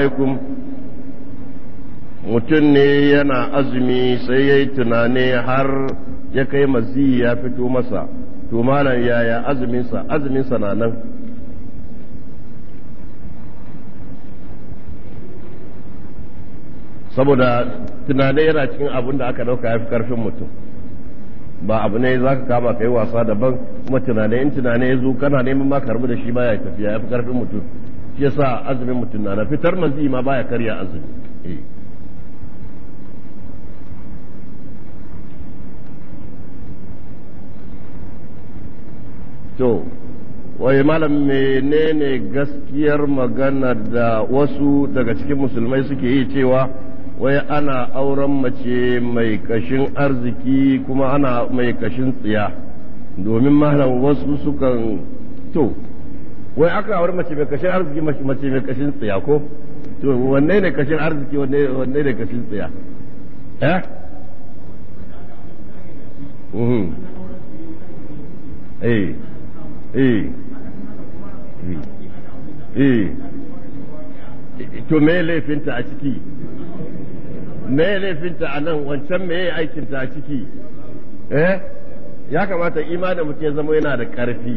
alaikum mutum ne yana azumi sai ya yi tunani har ya kai mazi ya fito masa to malam yaya azuminsa azuminsa na nan saboda tunanai yana cikin abin da aka dauka ya fi karfin mutum ba abu ne za ka kama ka wasa daban kuma tunanai in tunanai ya zo kana neman ma karbi da shi baya tafiya ya fi karfin mutum yasa azumin mutum na fitar manzi ma baya karya azumi eh. to wai malam menene gaskiyar magana da wasu daga cikin musulmai suke yi cewa wai ana auren mace mai kashin arziki kuma ana mai kashin tsiya domin malam wasu sukan to wai aka aure mace mai kashin arziki mace mai kashin tsiya ko to wanne ne kashin arziki wanne wanne ne kashin tsiya eh mhm eh eh eh to me laifinta a ciki me laifinta a nan wancan me aikinta a ciki eh ya kamata imanin mutum ya zama yana da ƙarfi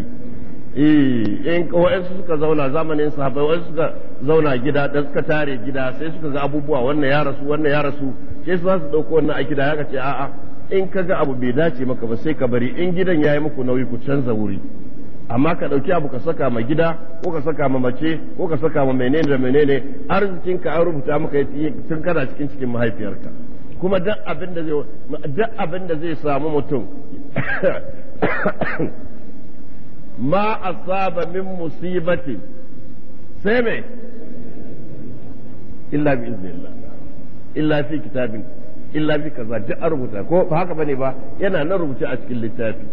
Eh, in wa'ansu suka zauna zamanin sahabai wa'ansu suka zauna gida da suka tare gida sai suka ga abubuwa wannan ya rasu wannan ya rasu sai su za su ɗauko wannan a gida ya ce a'a in ka ga abu bai dace maka ba sai ka bari in gidan ya yi muku nauyi ku canza wuri amma ka ɗauki abu ka saka ma gida ko ka saka ma mace ko ka saka ma menene da menene arzikinka an rubuta maka tun kana cikin cikin mahaifiyarka kuma duk abin da zai samu mutum ma asaba min sai me illa bi iznillah illa fi kaza duk an rubuta ko ba haka bane ba yana nan rubuce a cikin littafi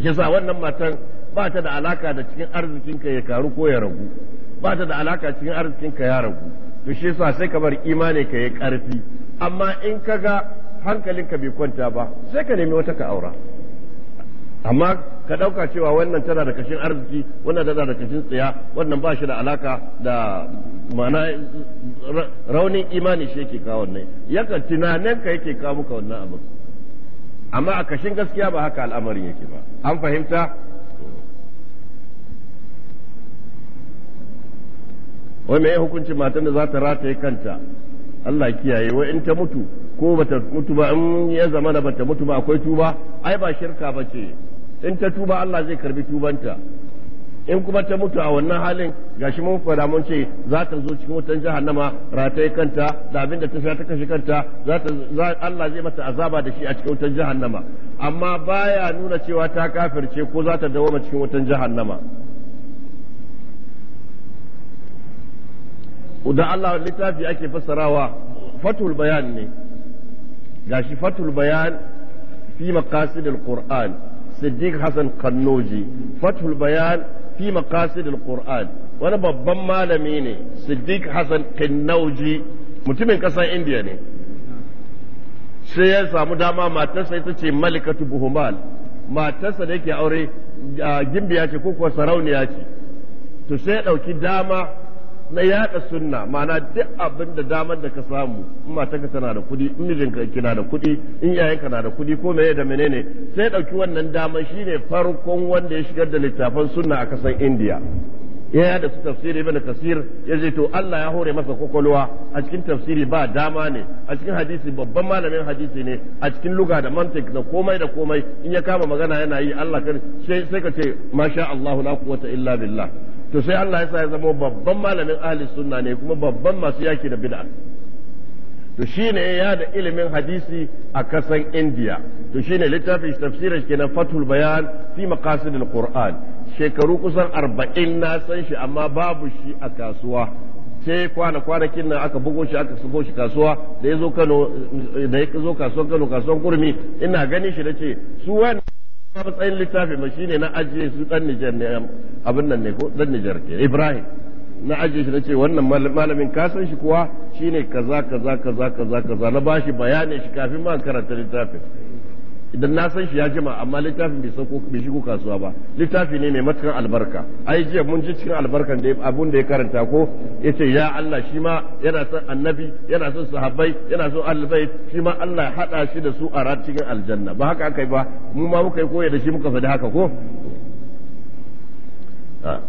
wannan matan ba ta da alaka da cikin arzikinka ya karu ko ya ragu ba ta da alaka cikin arzikinka ya ragu to shi yasa sai ka bar imani ka ya karfi amma in ka ga hankalinka bai kwanta ba sai ka nemi wata ka aura amma ka ɗauka cewa wannan tana da kashin arziki wannan tana da kashin tsiya wannan ba shi da alaka da mana raunin imani shi yake kawo wannan yakan tunanin ka yake kawo muka wannan abin amma a kashin gaskiya ba haka al'amarin yake ba an fahimta wai mai hukuncin matan da za ta rataye kanta Allah kiyaye wai in ta mutu ko bata mutu ba in ya zama da bata mutu ba akwai tuba ai ba shirka ba ce in ta tuba Allah zai karbi tubanta in kuma ta mutu a wannan halin gashi mun fara mun ce za ta zo cikin wutan jahannama rataye kanta da abin da ta sha ta kashe kanta za ta Allah zai mata azaba da shi a cikin wutan jahannama amma baya nuna cewa ta kafirce ko za ta dawo cikin wutan jahannama da Allah littafi ake fassarawa fatul bayan ne gashi fatul bayan fi maqasidil qur'an siddiq hassan kannoji fathul bayan fi maqasidil qur'an wani babban malami ne siddiq hassan kannoji mutumin ƙasar indiya ne sai ya samu dama matarsa ita ce malikatu buhumal matarsa da yake aure gimbiya ce ko kuwa sarauniya ce to sai ya ɗauki dama na yada sunna ma'ana duk abin da damar da ka samu in matarka tana da kuɗi in mijinka kina da kuɗi in yayanka na da kuɗi ko meye da menene sai ɗauki wannan damar shine farkon wanda ya shigar da littafan sunna a kasan indiya ya da su tafsiri ibn kasir ya ce to Allah ya hore masa kwakwalwa a cikin tafsiri ba dama ne a cikin hadisi babban malamin hadisi ne a cikin luga da mantik da komai da komai in ya kama magana yana yi Allah sai ka ce masha Allah la quwwata illa billah to sai Allah ya sa ya zama babban malamin ahli sunna ne kuma babban masu yaki da bid'a to shine ya da ilimin hadisi a kasan India to shine littafin tafsirin ke na Fathul Bayan fi maqasidil Qur'an shekaru kusan arba'in na san shi amma babu shi a kasuwa sai kwana kwanakin nan aka bugo shi aka sugo shi kasuwa da ya zo Kano da ya zo Kano kasuwan Kurmi ina ganin shi nace su wannan matsayin littafi ma shine na ajiye su dan Nijar ne abin nan ne ko dan Nijar ke Ibrahim na ajiye shi na ce wannan malamin ka san shi kuwa shine kaza kaza kaza kaza kaza na bashi bayanin shi kafin ma karanta littafin idan na san shi ya jima amma littafin bai sauko bai shigo kasuwa ba littafi ne mai matukar albarka ai jiya mun ji cikin albarkan da abun da ya karanta ko yace ya Allah shi ma yana son annabi yana son sahabbai yana son albayt shi ma Allah ya hada shi da su a ran cikin aljanna ba haka akai ba mu ma muka yi koyi da shi muka faɗi haka ko ah.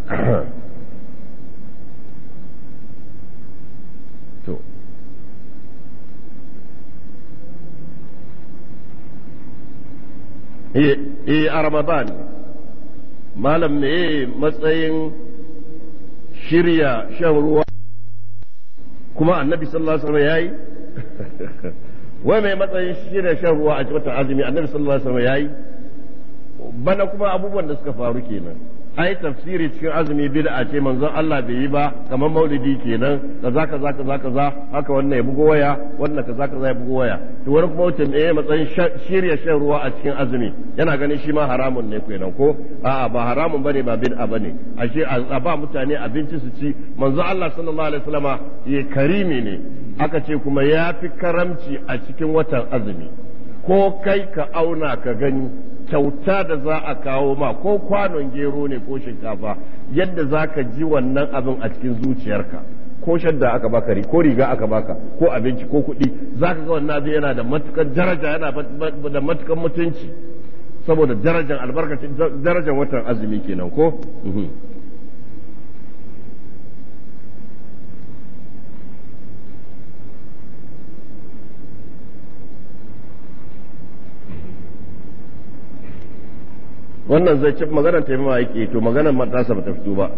e a ramadan malam me matsayin shirya shan ruwa kuma annabi sallallahu alaihi wasallam yayi wai mai matsayin shirya shan ruwa a cikin azumi annabi sallallahu alaihi wasallam yayi bana kuma abubuwan da suka faru kenan ai tafsiri cikin azumi bid'a ce manzon Allah bai yi ba kamar maulidi kenan kaza kaza kaza kaza haka wannan ya bugo waya wannan kaza kaza ya bugo waya to wani kuma wuce ne matsayin shirya shan ruwa a cikin azumi yana ganin shi ma haramun ne kenan ko a'a ba haramun bane ba bid'a bane ashe a ba mutane abinci su ci manzon Allah sallallahu alaihi wasallama ya karimi ne aka ce kuma ya fi karamci a cikin watan azumi ko kai ka auna ka gani kyauta da za a kawo ma ko kwanon gero ne ko shinkafa yadda za ka ji wannan abin a cikin zuciyarka ko shadda aka baka ko riga aka baka ko abinci ko kuɗi za ka ga wannan abin yana da matukar daraja yana da matukar mutunci saboda darajar albarkacin darajar watan azumi kenan ko mhm. wannan zai ci maganar taimama yake to maganar matasa ba ta fito ba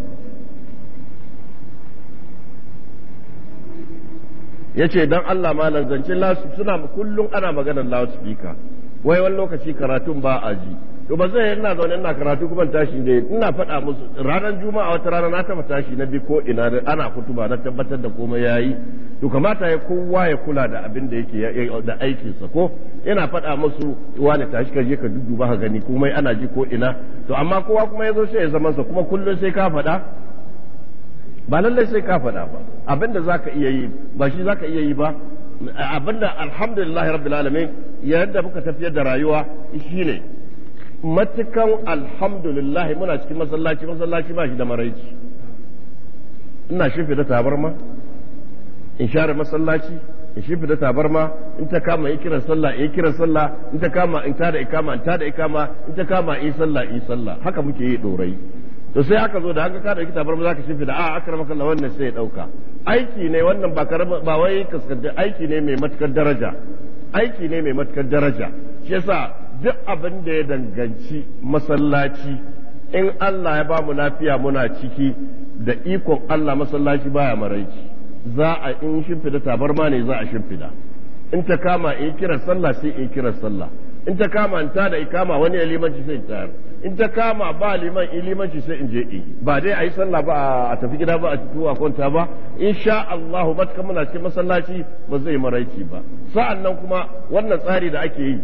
ya ce don Allah malam lasu suna kullum ana maganar loudspeaker wai wani lokaci karatun ba a ji to ba zai ina zaune ina karatu kuma tashi ne ina faɗa musu ranar juma'a wata rana na taɓa tashi na bi ko ina ana kutuba na tabbatar da komai yayi to kamata ya kowa ya kula da abin da yake da aikinsa ko ina faɗa musu wani tashi ka je ka dudduba ka gani komai ana ji ko ina to amma kowa kuma ya zo sai ya zaman sa kuma kullum sai ka faɗa ba lallai sai ka faɗa ba abin da zaka iya yi ba shi zaka iya yi ba abin da alhamdulillah rabbil alamin yadda muka tafiyar da rayuwa shine matukan alhamdulillah muna cikin masallaci masallaci ba shi da maraici ina shifi da tabarma in share masallaci in shifi da tabarma in ta kama yi kiran sallah yi kiran sallah in ta kama in tada ikama in tada ikama in ta kama yi sallah yi sallah haka muke yi dorai to sai aka zo da haka ka dauki tabarma zaka shifi da a akramaka Allah wannan sai ya dauka aiki ne wannan ba karama ba wai kaskanta aiki ne mai matukar daraja aiki ne mai matukar daraja shi yasa duk abin da ya danganci masallaci in Allah ya ba mu lafiya muna ciki da ikon Allah masallaci baya maraici za a in shimfida tabarma ne za a shimfida in ta kama in kira sallah sai in kira sallah in ta kama in da ikama wani limanci sai in tayar in ta kama ba liman in limanci sai in je in ba dai a yi sallah ba a tafi gida ba a tafi a kwanta ba in sha Allahu matuka muna cikin masallaci ba zai maraici ba sa'an nan kuma wannan tsari da ake yi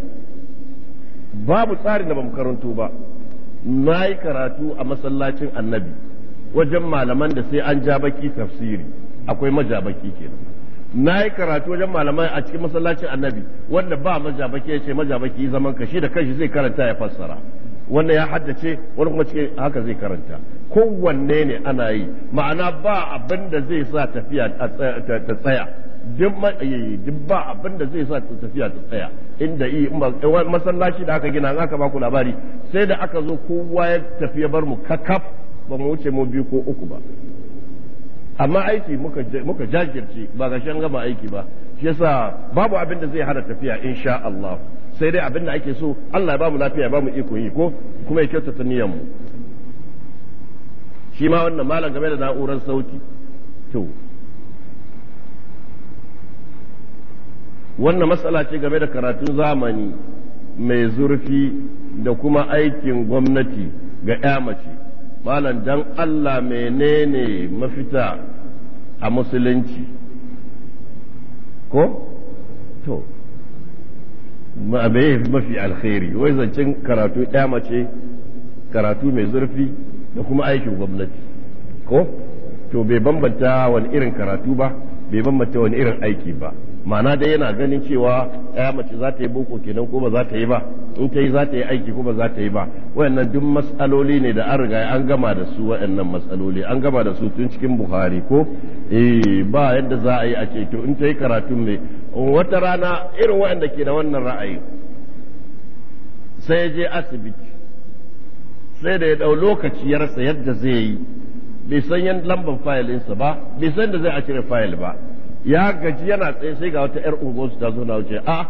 babu tsarin da ba mu karanto ba na yi karatu a masallacin annabi wajen malaman da sai an ja baki tafsiri akwai majabaki kenan na yi karatu wajen malaman a cikin masallacin annabi wanda ba majabaki ya ce majabaki zaman kashi da kashi zai karanta ya fassara wannan ya haddace wani kuma cikin haka zai karanta kowanne ne ana yi ma'ana ba abin da zai sa tafiya ta tsaya duk matsayayi eh, ba abin da zai sa tafiya ta tsaya inda yi eh, masallaci da aka gina an aka baku labari sai da aka zo kowa ya tafi ya bar mu kakaf ba mu wuce mu biyu ko uku ba amma aiki muka jajirce ba ga shan gama aiki ba shi yasa babu abin da zai hana tafiya insha Allah sai dai abin da ake so Allah ya bamu lafiya ya bamu iko yi ko kuma ya kyautata niyyar mu shi ma wannan malam game da na'urar sauti to wannan matsala ce game da karatun zamani mai zurfi da kuma aikin gwamnati ga 'ya mace malam dan Allah menene mafita a musulunci ko to abe mafi alkhairi wai zancen karatu 'ya mace karatu mai zurfi da kuma aikin gwamnati ko to bai bambanta wani irin karatu ba bai bambanta wani irin aiki ba ma'ana dai yana ganin cewa ya mace za ta yi boko kenan ko ba za ta yi ba in ta yi za ta yi aiki ko ba za ta yi ba wayannan duk matsaloli ne da an riga an gama da su wayannan matsaloli an gama da su tun cikin buhari ko eh ba yadda za a yi a ce to in ta yi karatun ne wata rana irin wayanda ke da wannan ra'ayi sai je asibiti sai da ya dau lokaci ya rasa yadda zai yi bai san yan lambar fayilinsa ba bai san da zai a cire fayil ba ya gaji yana tsaye sai ga wata yar su ta zo na wuce a ah,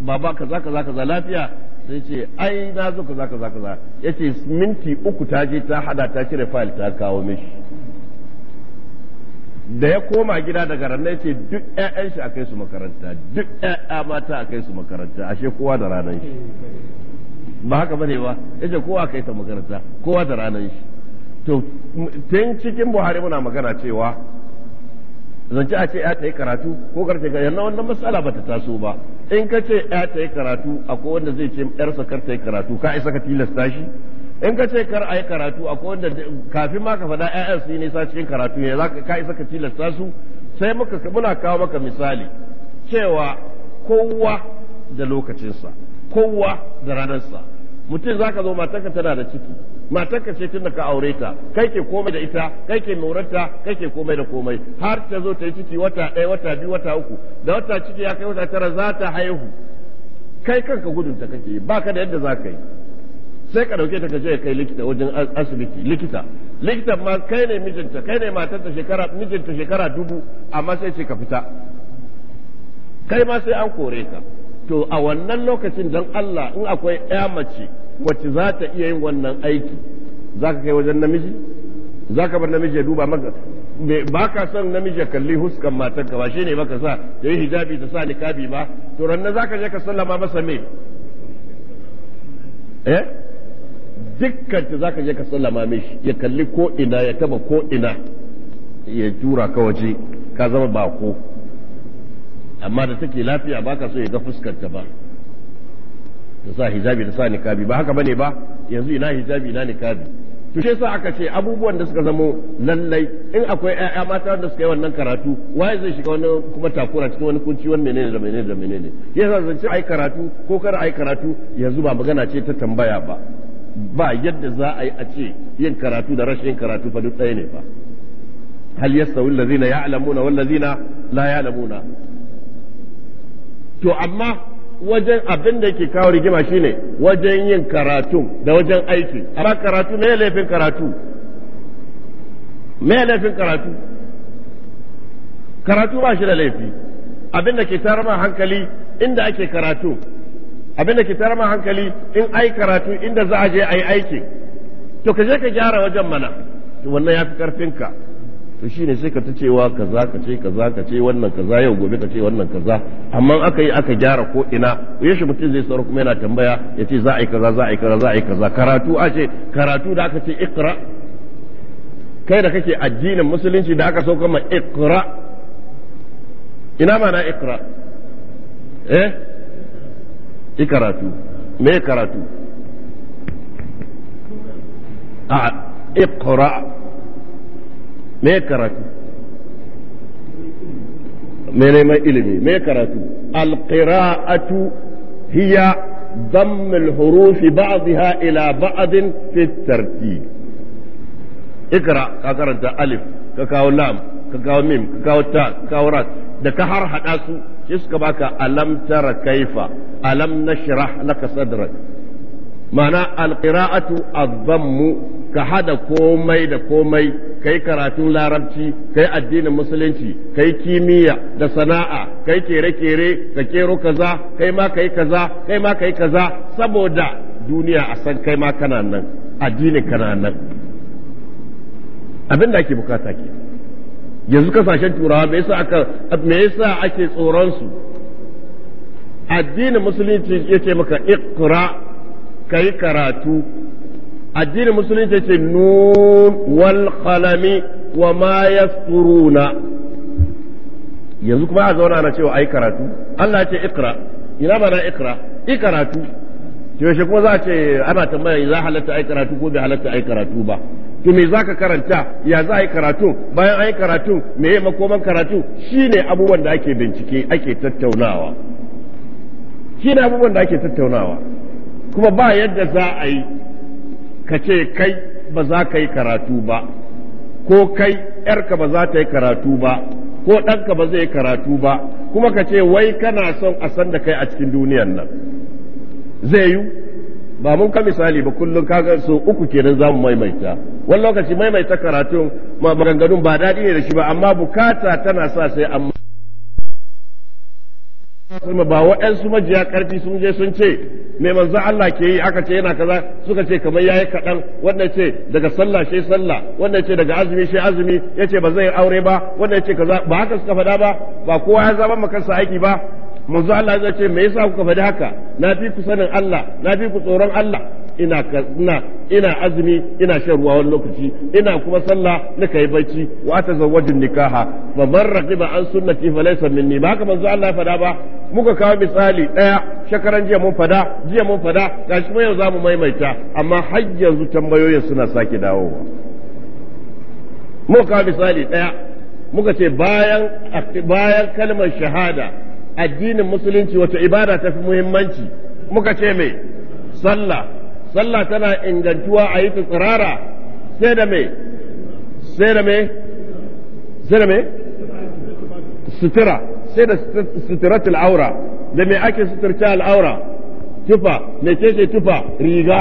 baba kaza kaza za lafiya sai ce ai na zo kaza kaza kaza ce minti uku ta je ta hada ta cire fayil ta kawo mishi da ya koma gida daga ranar ya ce duk 'ya'yan shi a kai su makaranta duk 'ya'ya mata a kai su makaranta ashe kowa da ranar shi ba haka bane ba ya ce kowa kai ta makaranta kowa da ranar shi to tun cikin buhari muna magana cewa zance a ce ya ta yi karatu ko karce ga yana wannan matsala ba ta taso ba in ka ce ya ta yi karatu akwai wanda zai ce yarsa kar ta yi karatu ka isa ka tilasta shi in ka ce kar a yi karatu akwai wanda kafin ma ka faɗa yayan su yi nisa cikin karatu ya za ka isa ka tilasta su sai muka muna kawo maka misali cewa kowa da lokacinsa kowa da ranarsa mutum za ka zo matarka tana da ciki matarka ce tun da ka aure ta kai ke komai da ita kai ke morarta kai ke komai da komai har ta zo ta yi ciki wata ɗaya wata biyu wata uku da wata ciki ya kai wata tara za ta haihu kai kanka gudunta kake ba ka da yadda za ka yi sai ka dauke ta ka je kai likita wajen asibiti likita likita ma kai ne mijinta kai ne matarta shekara mijinta shekara dubu amma sai ce ka fita kai ma sai an kore ka to a wannan lokacin dan Allah in akwai ƴa mace wacce za ta iya yin wannan aiki za ka kai wajen namiji za ka bar namiji ya duba maka ba ka son namiji ya kalli huskan matarka ba ne baka sa ya yi hijabi ta sa nikabi ba to ranna za ka je ka sallama masa me eh dukkan ta za ka je ka sallama mishi ya kalli ko ina ya taba ko ina ya tura ka waje ka zama bako amma da take lafiya baka so ya ga fuskar ta ba da sa hijabi da sa nikabi ba haka bane ba yanzu ina hijabi ina nikabi to shi yasa aka ce abubuwan da suka zamo lallai in akwai ƴaƴa mata da suka yi wannan karatu waye zai shiga wani kuma takura cikin wani kunci wani menene da menene da menene yasa zance ai karatu ko kar ai karatu yanzu ba magana ce ta tambaya ba ba yadda za a yi a ce yin karatu da rashin yin karatu fa duk ɗaya ne ba hal yastawi allazina ya'lamuna wal ladzina la ya'lamuna to amma wajen abin da ke kawo rigima shine wajen yin karatu da wajen aiki amma karatu ne laifin karatu me laifin karatu karatu ba shi da laifi abin da ke tarama hankali inda ake karatu abin da ke tarama hankali in ai karatu inda za a je ai aiki to ka je ka gyara wajen mana wannan ya fi karfinka to shine sai ka ta cewa kaza ka ce kaza ka ce wannan kaza yau gobe ka ce wannan kaza amma aka yi aka gyara ko ina shi mutum zai sauro kuma yana tambaya ya ce za a yi kaza za a yi kaza za a yi kaza karatu a ce karatu da aka ce ikra kai da kake addinin musulunci da aka sauka ma ikra ina ma na ikra eh i karatu me karatu a ikra me karatu me neman ilimi me karatu alqira'atu hiya ضم الحروف بعضها ka karanta alif ka kawo lam ka kawo mim ka kawo ta ka kawo رات da ka har haɗa su shi suka baka alam tara kaifa alam nashrah laka sadrak ma'ana alqira'atu adhammu ka hada komai da komai kai karatun larabci kai addinin musulunci kai kimiyya da sana'a kai kere-kere ka kero kaza kai ma kai kaza kai ma kai kaza saboda duniya a san kai ma kana nan addinin kana nan abin da ake bukata ke yanzu kasashen turawa me yasa aka me yasa ake tsoron su addinin musulunci yace maka iqra kai karatu addinin musulunci ce nun wal qalami wa ma suruna. yanzu kuma a zauna ana cewa ai karatu Allah ce ikra ina ba na ikra i karatu yaushe kuma za a ce ana tambaya za halatta ai karatu ko bai halatta ai karatu ba to me zaka karanta ya za a yi karatu bayan ai karatu me ya makoman karatu shine abubuwan da ake bincike ake tattaunawa shine abubuwan da ake tattaunawa kuma ba yadda za a yi ka ce kai ba za ka yi karatu ba ko kai ‘yarka ba za ta yi karatu ba ko ɗanka ba zai yi karatu ba kuma ka ce wai kana son a san da kai a cikin duniyan nan zai yi ba mun ka misali ba kullum kaga so uku kenan za mu maimaita wani lokaci maimaita karatun maganganun ba daɗi ne da shi ba amma bukata tana sa sai amma wasallam ba waɗansu majiya karfi sun je sun ce mai manzo Allah ke yi aka ce yana kaza suka ce kamar yayi kaɗan wannan ce daga sallah shi sallah wannan ce daga azumi shi azumi ya ce ba zai aure ba wannan ce kaza ba haka suka faɗa ba ba kowa ya zama makansa aiki ba manzo Allah zai ce me yasa kuka faɗi haka na fi ku sanin Allah na fi ku tsoron Allah ina ina ina azumi ina shan ruwa wani lokaci ina kuma sallah nika kai bacci wa zawajin nikaha fa man raqiba an sunnati fa laysa minni ba haka manzo Allah fada ba muka kawo misali daya shekaran jiya mun fada jiya mun fada gashi mu yau zamu maimaita amma har yanzu tambayoyin suna sake dawowa muka kawo misali daya muka ce bayan bayan kalmar shahada addinin musulunci wata ibada ta fi muhimmanci muka ce me sallah sallah tana ingantuwa a yi ta tsirara sai da me sai da me sai da me sutura sai da suturatul aura da me ake suturta al'aura tufa ce tufa riga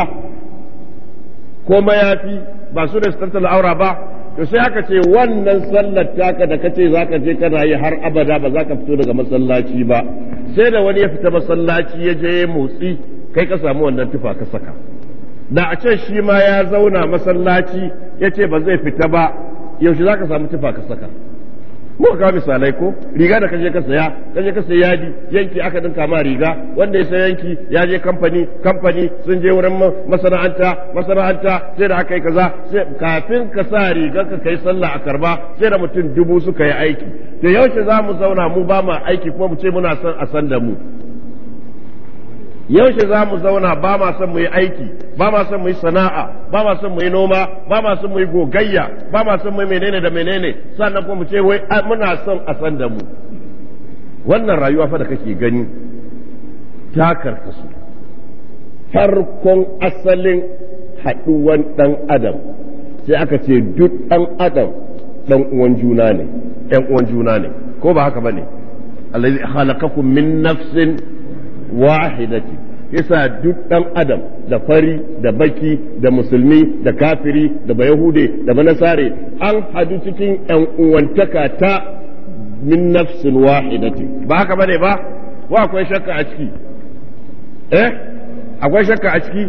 ko mayafi ba su da suturta al'aura ba to sai aka ce wannan sallar taka da kace zaka je kana yi har abada ba zaka fito daga masallaci ba sai da wani ya fita masallaci ya je motsi kai ka samu wannan tufa ka saka da a ce shi ma ya zauna masallaci ya ce ba zai fita ba yaushe za ka samu tufa ka saka muka kawo misalai ko riga da kaje ka saya kaje ka saya yadi yanki aka dinka ma riga wanda ya saya yanki ya je kamfani kamfani sun je wurin masana'anta masana'anta sai da aka yi kaza sai kafin ka sa riga ka kai sallah a karba sai da mutum dubu suka yi aiki to yaushe za mu zauna mu ba mu aiki kuma mu ce muna son a san da mu yaushe za mu zauna ba ma son mu yi aiki ba ma son mu yi sana'a ba ma son mu yi noma ba ma son mu yi gogayya ba ma son mu yi menene da menene sannan kuma mu ce wai muna son a san da mu wannan rayuwa fa da kake gani ta karkasu farkon asalin haɗuwan ɗan adam sai aka ce duk ɗan adam ɗan uwan juna ne ɗan uwan juna ne ko ba haka ba ne allazi khalaqakum min nafsin wahidatin yasa duk dan adam da fari da baki da musulmi da kafiri da bayahude da banasare an hadu cikin yan uwantaka ta min nafsin wahidati ba haka bane ba wa akwai shakka a ciki eh akwai shakka a ciki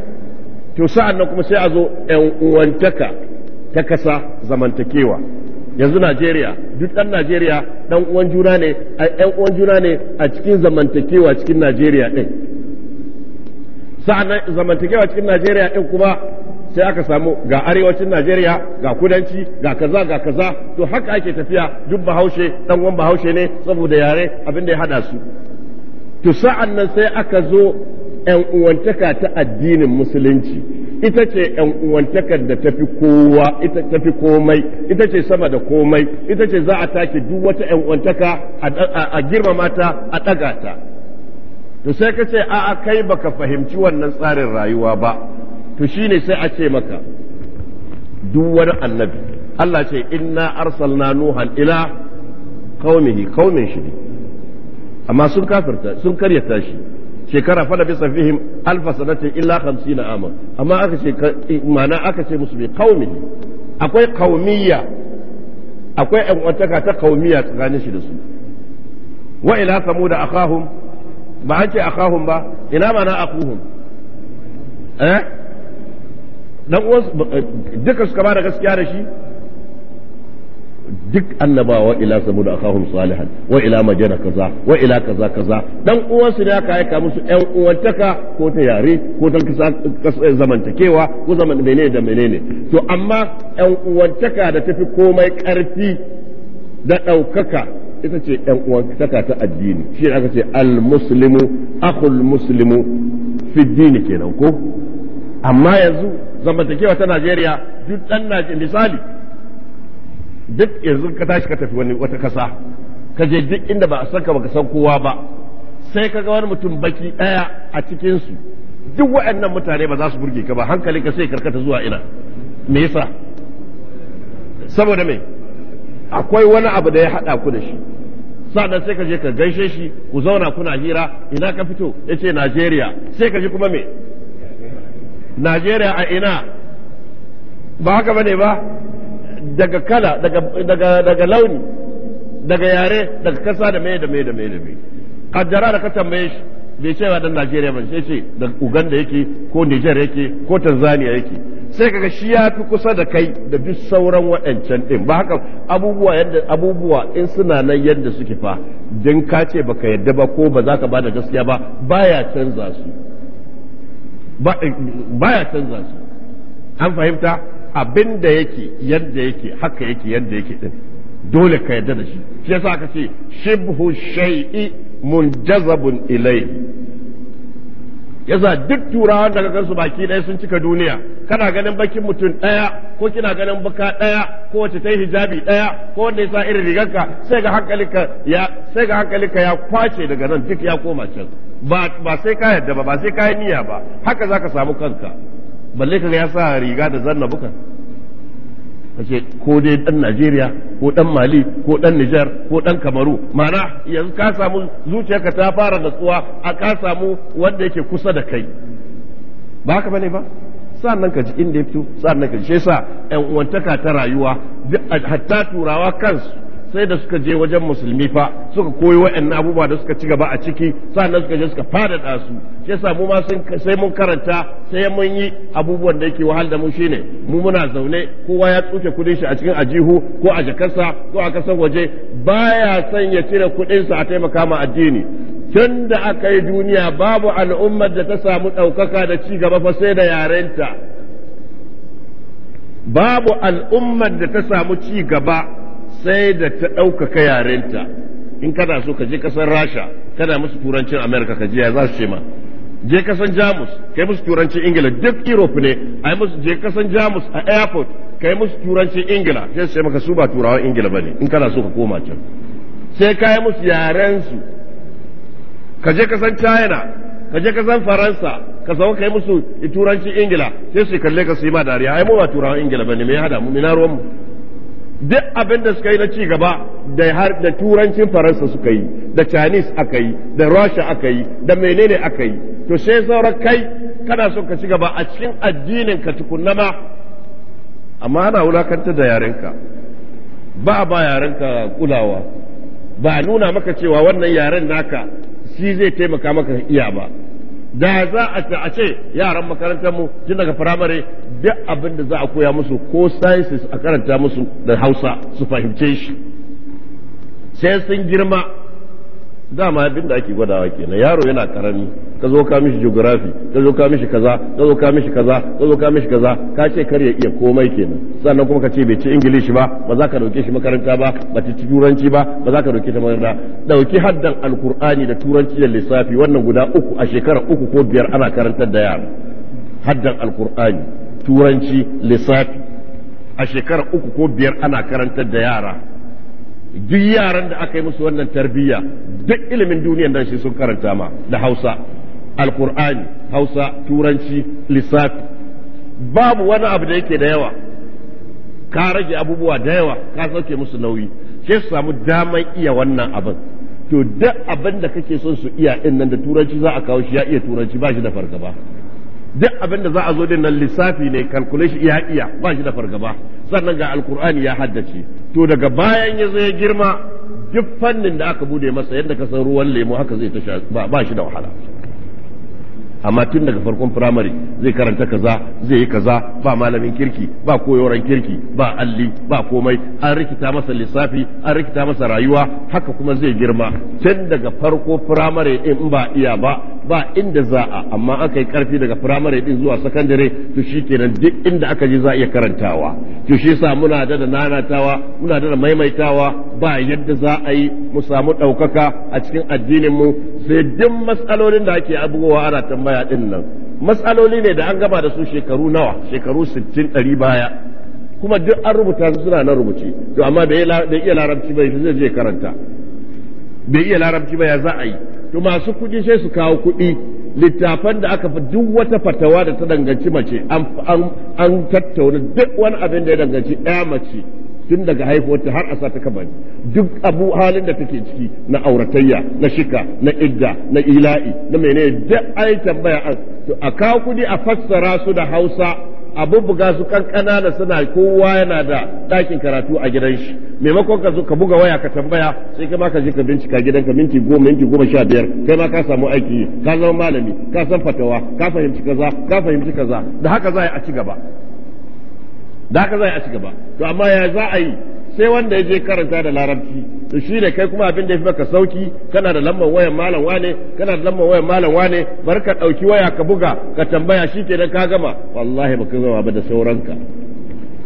to sa'an nan kuma sai a zo yan uwantaka ta kasa zamantakewa yanzu Najeriya duk ɗan Najeriya ɗan uwan juna ne a uwan juna ne a cikin zamantakewa cikin Najeriya ɗin sa'annan zamantakewa cikin Najeriya ɗin kuma sai aka samu ga arewacin Najeriya ga kudanci ga kaza ga kaza to haka ake tafiya duk bahaushe ɗan bahaushe ne saboda yare abin da ya haɗa su to sa'annan sai aka zo yan uwantaka ta addinin musulunci ita ce ‘yan uwantakar da tafi kowa, ita tafi komai, ita ce sama da komai, ita ce za a take duk wata yanuwantaka uwantaka a girmama a ɗagata. to sai ka ce a'a kai baka fahimci wannan tsarin rayuwa ba to shine sai a ce maka duk wani annabi Allah ce inna arsalna nuhan ila qaumihi qaumin shi amma sun kafirta sun karyata shi shekara fada bisa fihim alfa sanatin illa 50 aman amma aka ce ma'ana aka ce musu bi qaumihi akwai qaumiyya akwai ƴan ta qaumiyya tsakanin shi da su wa ila samuda akhahum ba an ce akahun ba ina na akuhun? eh dan uwansu eh, duka suka ba da gaskiya da shi duk annabawa ila saboda akahun salihan wa ila majana kaza wa ila kaza kaza dan uwansu ne aka aika musu yan uwantaka ko ta yare ko ta eh, zamantakewa ko zaman menene da menene to amma yan uwantaka da tafi komai karfi da ɗaukaka ita ce yan uwantaka ta addini shi aka ce al-muslimu akul muslimu fi dini kenan ko amma yanzu zamantakewa ta Najeriya duk dan Najeriya misali duk yanzu ka tashi ka tafi wani wata kasa ka je duk inda ba a san ka baka san kowa ba sai ka ga wani mutum baki ɗaya a cikin su duk waɗannan mutane ba za su burge ka ba hankali ka sai karkata zuwa ina me yasa saboda me akwai wani abu da ya haɗa ku da shi sannan sai ka je ka gaishe shi ku zauna kuna hira ina ka fito ce Najeriya sai ka ji kuma me Najeriya a ina ba haka bane ba daga kala daga launi daga yare daga kasa da me da me da me da me da ka tambaye shi bai ce wa dan Najeriya ba sai ce da Uganda yake ko Niger yake ko Tanzania yake sai kaga shi ya fi kusa da kai da duk sauran waɗancan ɗin ba haka abubuwa yadda abubuwa in suna nan yadda suke fa din ka ce baka yadda ba ko ba za ka bada gaskiya ba baya canza su su an fahimta abin da yake yadda yake haka yake yadda yake ɗin dole ka yadda da shi shi yasa ka ce shibhu shay'i munjazabun ilai yasa duk turawan daga gansu baki ɗaya sun cika duniya kana ganin bakin mutum ɗaya ko kina ganin baka ɗaya ko wace ta yi hijabi ɗaya ko wanda ya sa irin rigarka sai ga hankalinka ya sai ga hankalinka ya kwace daga nan duk ya koma can ba ba sai ka yadda ba ba sai ka yi niyya ba haka zaka samu kanka balle kaga ya sa riga da zanna bukan kace ko dai dan Najeriya ko dan Mali ko dan Nijar ko dan Kamaru mana yanzu ka samu zuciyarka ta fara natsuwa a ka samu wanda yake kusa da kai ba haka bane ba sa'an nan ka ji inda ya fito sa'an nan ka ji shi yasa ƴan uwantaka ta rayuwa hatta turawa kansu sai da suka je wajen musulmi fa suka koyi waɗannan abubuwa da suka ci gaba a ciki sannan suka je suka da su shi yasa mu ma sai mun karanta sai mun yi abubuwan da yake wahal da mu shine mu muna zaune kowa ya tsuke kudin shi a cikin ajihu ko a jakarsa ko a kasar waje baya son ya cire kudin sa a taimaka ma addini tun da aka yi duniya babu al'ummar da ta samu ɗaukaka da ci gaba fa sai da yarenta babu al'ummar da ta samu ci gaba sai da ta ɗaukaka yarenta in kana so ka je kasar rasha kana musu turancin amerika ka jiya ya za su ce ma je kasan jamus kai musu turancin ingila duk europe ne a yi musu je kasan jamus a airport kai musu turancin ingila sai ce maka su ba turawan ingila ba ne in kana so ka koma can sai ka yi musu yarensu ka je kasan china ka je kasan faransa ka sauka kai musu turancin ingila sai su kalle ka su yi ma dariya ai mu ba turawan ingila ba ne me ya hada mu mina ruwan mu duk abin da suka yi na cigaba da turancin faransa suka yi da chinese aka yi da russia aka yi da menene aka yi to sai sauran kai kana son ka ci gaba a cikin addinin ka tukunna ma amma ana wulakanta da yarenka ba ba yarenka kulawa ba nuna maka cewa wannan yaren naka shi zai taimaka maka iya ba da za a ce a ce yaran makarantar mu tun daga firamare duk abin da za a koya musu ko sciences a karanta musu da Hausa su fahimce shi sai sun girma dama abin da ake gwadawa kenan yaro yana karami ka zo ka mishi geography ka zo ka mishi kaza ka zo ka mishi kaza ka zo ka mishi kaza ka ce kar ya iya komai kenan sannan kuma ka ce bai ci ingilishi ba ba za ka dauke shi makaranta ba ba ta ci turanci ba ba za ka dauke ta makaranta dauki haddan alkur'ani da turanci da lissafi wannan guda uku a shekara uku ko biyar ana karantar da yara haddan alkur'ani turanci lissafi a shekara uku ko biyar ana karantar da yara duk yaran da aka yi musu wannan tarbiyya duk ilimin duniyar nan shi sun karanta ma da Hausa alkur'ani Hausa turanci lissafi babu wani abu da yake da yawa ka rage abubuwa da yawa ka sauke musu nauyi sai su samu daman iya wannan abin to duk abin da kake son su iya din nan da turanci za a kawo shi ya iya turanci ba shi da fargaba duk abin da za a zo din nan lissafi ne calculation ya iya ba shi da fargaba sannan ga alkur'ani ya haddace to daga bayan ya zo ya girma duk fannin da aka bude masa yadda ka san ruwan lemo haka zai ta ba shi da wahala amma tun daga farkon firamare zai karanta kaza zai yi kaza ba malamin kirki ba koyoran kirki ba alli ba komai an rikita masa lissafi an rikita masa rayuwa haka kuma zai girma tun daga farko firamare in ba iya ba ba inda za a amma aka yi karfi daga firamare din zuwa sakandare to shi kenan duk inda aka je za a iya karantawa to shi sa muna da da nanatawa muna da da maimaitawa ba yadda za a yi mu samu ɗaukaka a cikin addinin mu sai duk matsalolin da ake abubuwa ana tambaya din nan matsaloli ne da an gaba da su shekaru nawa shekaru 60 ɗari baya kuma duk an rubuta su suna na rubuce to amma da iya larabci bai zai je karanta bai iya larabci ba ya za a yi to masu kuɗi sai su kawo kuɗi littafan da aka fi duk wata fatawa da ta danganci mace an tattauna duk wani abin da ya danganci ɗaya mace tun daga haihuwarta har a ta kabari duk abu halin da take ciki na auratayya na shika na idda na ila'i na menene duk ai tambaya a kawo kuɗi a fassara su da hausa a bubbuga su kankana da suna kowa yana da ɗakin karatu a gidan shi maimakon ka zo ka buga waya ka tambaya sai kai ma ka je ka bincika gidanka minti goma minti goma sha biyar kai ma ka samu aiki ka zama malami ka san fatawa ka fahimci kaza ka fahimci kaza da haka za a yi ci gaba da haka za a ci gaba to amma ya za a yi sai wanda ya je karanta da larabci to shi ne kai kuma abin da ya fi maka sauki kana da lambar wayan malam wane kana da lambar wayan malam wane bar ka ɗauki waya ka buga ka tambaya shi kenan ka gama wallahi baka gama ba da sauranka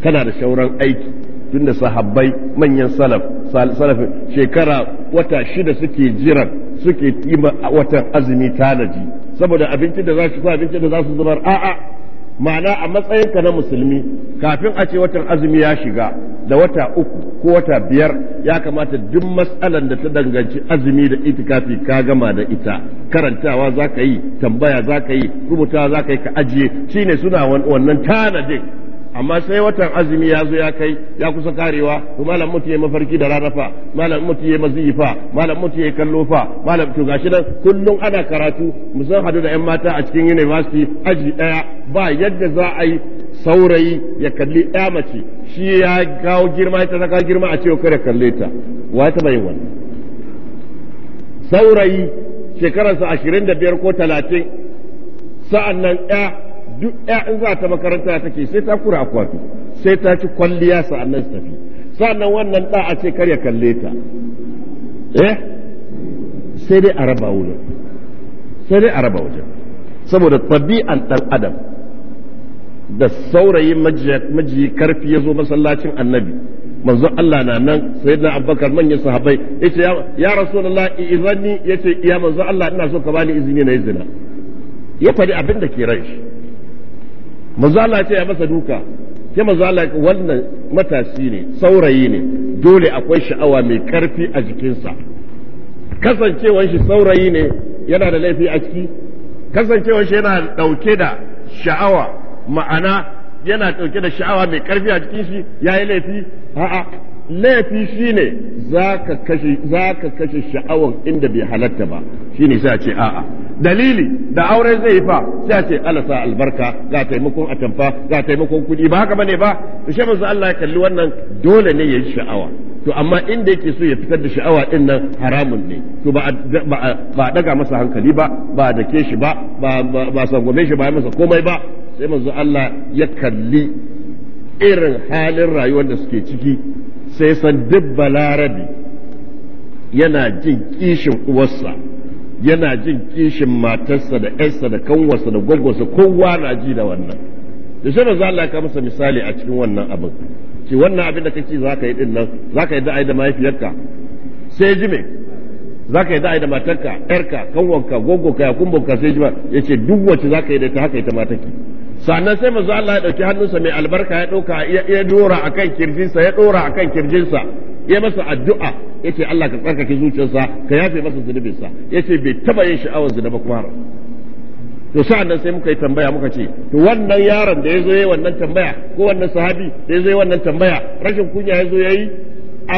kana da sauran aiki tunda sahabbai manyan salaf salaf shekara wata shida suke jiran suke tima watan azumi tanaji saboda abincin da za su sa abincin da za su zubar a'a ma'ana a matsayinka na musulmi kafin a ce watan azumi ya shiga da wata uku ko wata biyar ya kamata duk matsalar da ta danganci azumi da itikafi ka gama da ita karantawa za ka yi tambaya za ka yi rubutawa za ka yi ka ajiye shine suna wannan tanadin amma sai watan azumi ya zo ya kai ya kusa karewa to malam mutu ya mafarki da rarrafa malam mutu ya maziyi fa malam mutu ya kallo fa malam to gashi nan kullum ana karatu musan hadu da yan mata a cikin university aji daya ba yadda za a yi saurayi ya kalli ɗaya mace shi ya kawo girma ita ta kawo girma a cewa kare kalle ta wa ta bai wani, saurayi shekararsa ashirin da biyar ko talatin sa'an nan ɗaya. duk in za ta makaranta take sai ta kura akwati sai ta ci kwalliya sa'annan su tafi sannan wannan da a ce kar ya kalle ta eh sai dai a raba wurin sai dai a raba wajen saboda tabi'an dan adam da saurayin majiyi karfi ya zo masallacin annabi manzon Allah na nan sai na abubakar manyan sahabai yace ya rasulullah izani yace ya manzon Allah ina so ka bani izini na izina ya faɗi abin da ke ran shi mazala ce ya masa duka sai mazala wannan matashi ne saurayi ne dole akwai sha'awa mai karfi a jikinsa kasancewar shi saurayi ne yana da laifi a ciki kasancewar shi yana dauke da sha'awa ma'ana yana dauke da sha'awa mai karfi a jikin shi yayi laifi a'a laifi shi ne za ka kashe sha'awan inda bai halatta ba ne sai a ce a'a dalili da aure zai yi fa sai ce alasa albarka ga taimakon atamfa ga taimakon kudi ba haka bane ba to shi manzo Allah ya kalli wannan dole ne ya yi sha'awa to amma inda yake so ya fitar da sha'awa din nan haramun ne to ba ba daga masa hankali ba ba da ke shi ba ba ba sangome shi ba masa komai ba sai manzo Allah ya kalli irin halin rayuwar da suke ciki sai san duk balarabi yana jin kishin uwarsa yana jin kishin matarsa da ‘yarsa da kanwarsa da gwagwarsa kowa na ji da wannan da shi za Allah masa misali a cikin wannan abin ki wannan abin da kake za ka yi din nan za yi da'ai da mahaifiyarka sai ji me za yi da'ai da matarka ƴarka kanwarka gogonka ya sai ji ba ya duk wacce za yi da ta haka ita ma take sannan sai mazu Allah ya ɗauki hannunsa mai albarka ya dauka ya dora kan kirjinsa ya dora kan kirjinsa ya masa addu'a ya ce Allah ka tsarkake zuciyarsa ka yafe masa zunubinsa ce bai taba yin sha'awar zina ba kuma to sa'an nan sai muka yi tambaya muka ce to wannan yaron da ya zo yi wannan tambaya ko wannan sahabi da ya zo yi wannan tambaya rashin kunya ya zo ya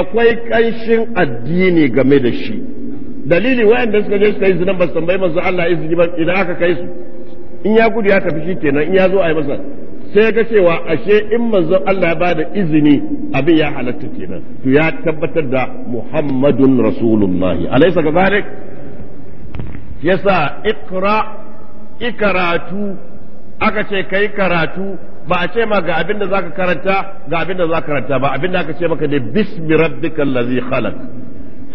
akwai ƙanshin addini game da shi dalili wayanda suka je suka yi zinan ba su tambayi manzo Allah izini ba idan aka kai su in ya gudu ya tafi shi kenan in ya zo a yi masa sai ga cewa ashe in manzon Allah ya bada izini abin ya halatta kenan to ya tabbatar da Muhammadun Rasulullah alaysa kadhalik yasa ikra ikaratu aka ce kai karatu ba a ce ma ga abin da zaka karanta ga abin da zaka karanta ba abin da aka ce maka ne bismi rabbikal ladzi khalaq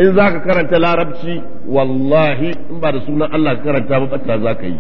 in zaka karanta larabci wallahi in ba da sunan Allah ka karanta ba za zaka yi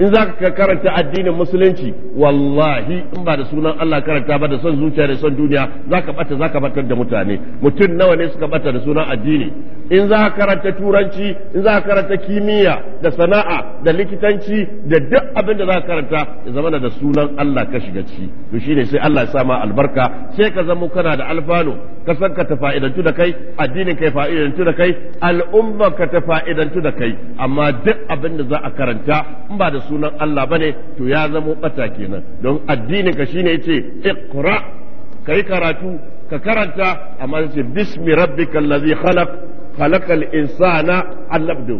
in za ka karanta addinin musulunci wallahi in ba da sunan Allah karanta ba da son zuciya da son duniya za ka bata za ka batar da mutane mutum nawa ne suka bata da sunan addini in za ka karanta turanci in za ka karanta kimiyya da sana'a da likitanci da duk abin da za ka karanta ya zama da sunan Allah ka shiga ciki to shine sai Allah ya sa ma albarka sai ka zama kana da alfano ka san ka tafa'idantu da kai addinin kai fa'idantu da kai al'umma ka tafa'idantu da kai amma duk abin da za a karanta in ba da sunan Allah bane to ya zamo bata kenan don addinin ka shine yace iqra kai karatu ka karanta amma yace bismi rabbikal ladzi khalaq khalaqal insana allabdu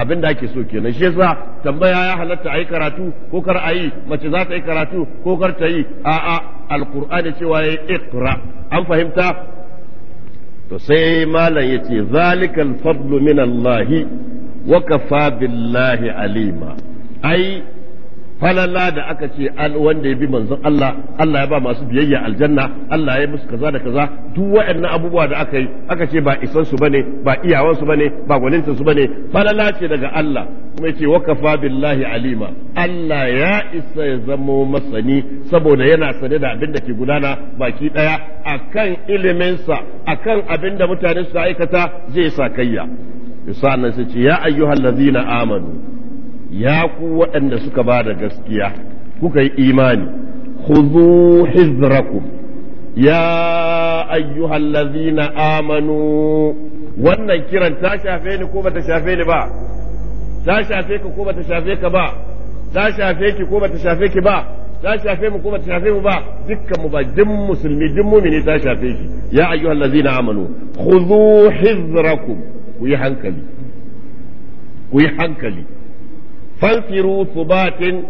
abin da ake so kenan shi yasa tambaya ya halatta ayi karatu ko kar ayi mace za ta yi karatu ko kar ta yi a'a alqur'ani cewa yayi iqra an fahimta to sai malam yace zalikal fadlu min Allah wa kafa billahi alima ai falala da aka ce wanda ya bi manzon Allah Allah ya ba masu biyayya aljanna Allah ya yi musu kaza da kaza duk waɗannan abubuwa da aka yi aka ce ba isan su bane ba iyawan su bane ba gwanintan su bane falala ce daga Allah kuma yace wakafa billahi alima Allah ya isa ya zamo masani saboda yana sane da abin da ke gudana baki daya akan iliminsa akan abin da mutane su aikata zai sa kayya nan sai ce ya ayyuhallazina amanu ya ku waɗanda suka ba da gaskiya kuka yi imani khudhu hizrakum ya ayyuhallazina amanu wannan kiran ta shafe ni ko bata shafe ni ba ta shafe ka ko bata shafe ka ba ta shafe ki ko bata shafe ki ba ta shafe mu ko bata shafe mu ba dukkan mu ba din musulmi din mumini ta shafe ki ya ayyuhallazina amanu khudhu hizrakum ku yi hankali ku yi hankali fansiru subatin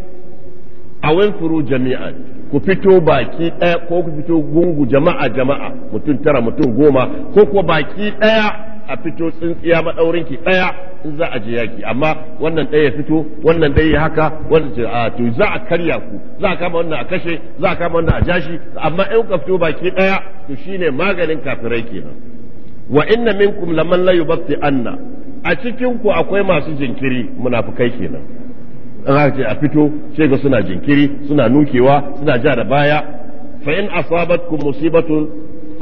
a wanfiru jami'an ku fito baki ɗaya ko ku fito gungu jama'a jama'a mutum tara mutum goma ko ko baki ɗaya a fito tsintsiya maɗaurinki ɗaya in za a je yaki amma wannan ɗaya ya fito wannan ɗaya ya haka wannan ce a ah, to za a karya ku za a kama wannan a kashe za a kama wannan a jashi amma in ka fito baki ɗaya to shine maganin kafirai kenan wa inna minkum laman la yubti anna a cikin ku akwai masu jinkiri munafukai kenan an ce a fito sai ga suna jinkiri suna nukewa suna ja da baya fa in asabatkum musibatun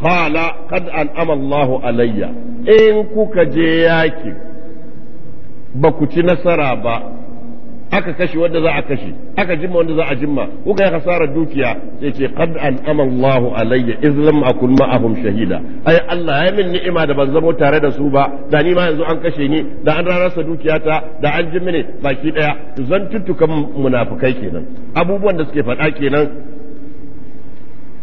qala qad an'ama Allahu alayya in kuka je yaki ba ku ci nasara ba aka kashe wanda za a kashe aka jimma wanda za a jimma kuka ya hasarar dukiya sai ce qad an'ama Allahu alayya iz lam akun ma'ahum shahida ai Allah ya min ni'ima da ban zamo tare da su ba da ni ma yanzu an kashe ni da an rarasa dukiyata da an jimmine baki daya zan tuttuka munafukai kenan abubuwan da suke faɗa kenan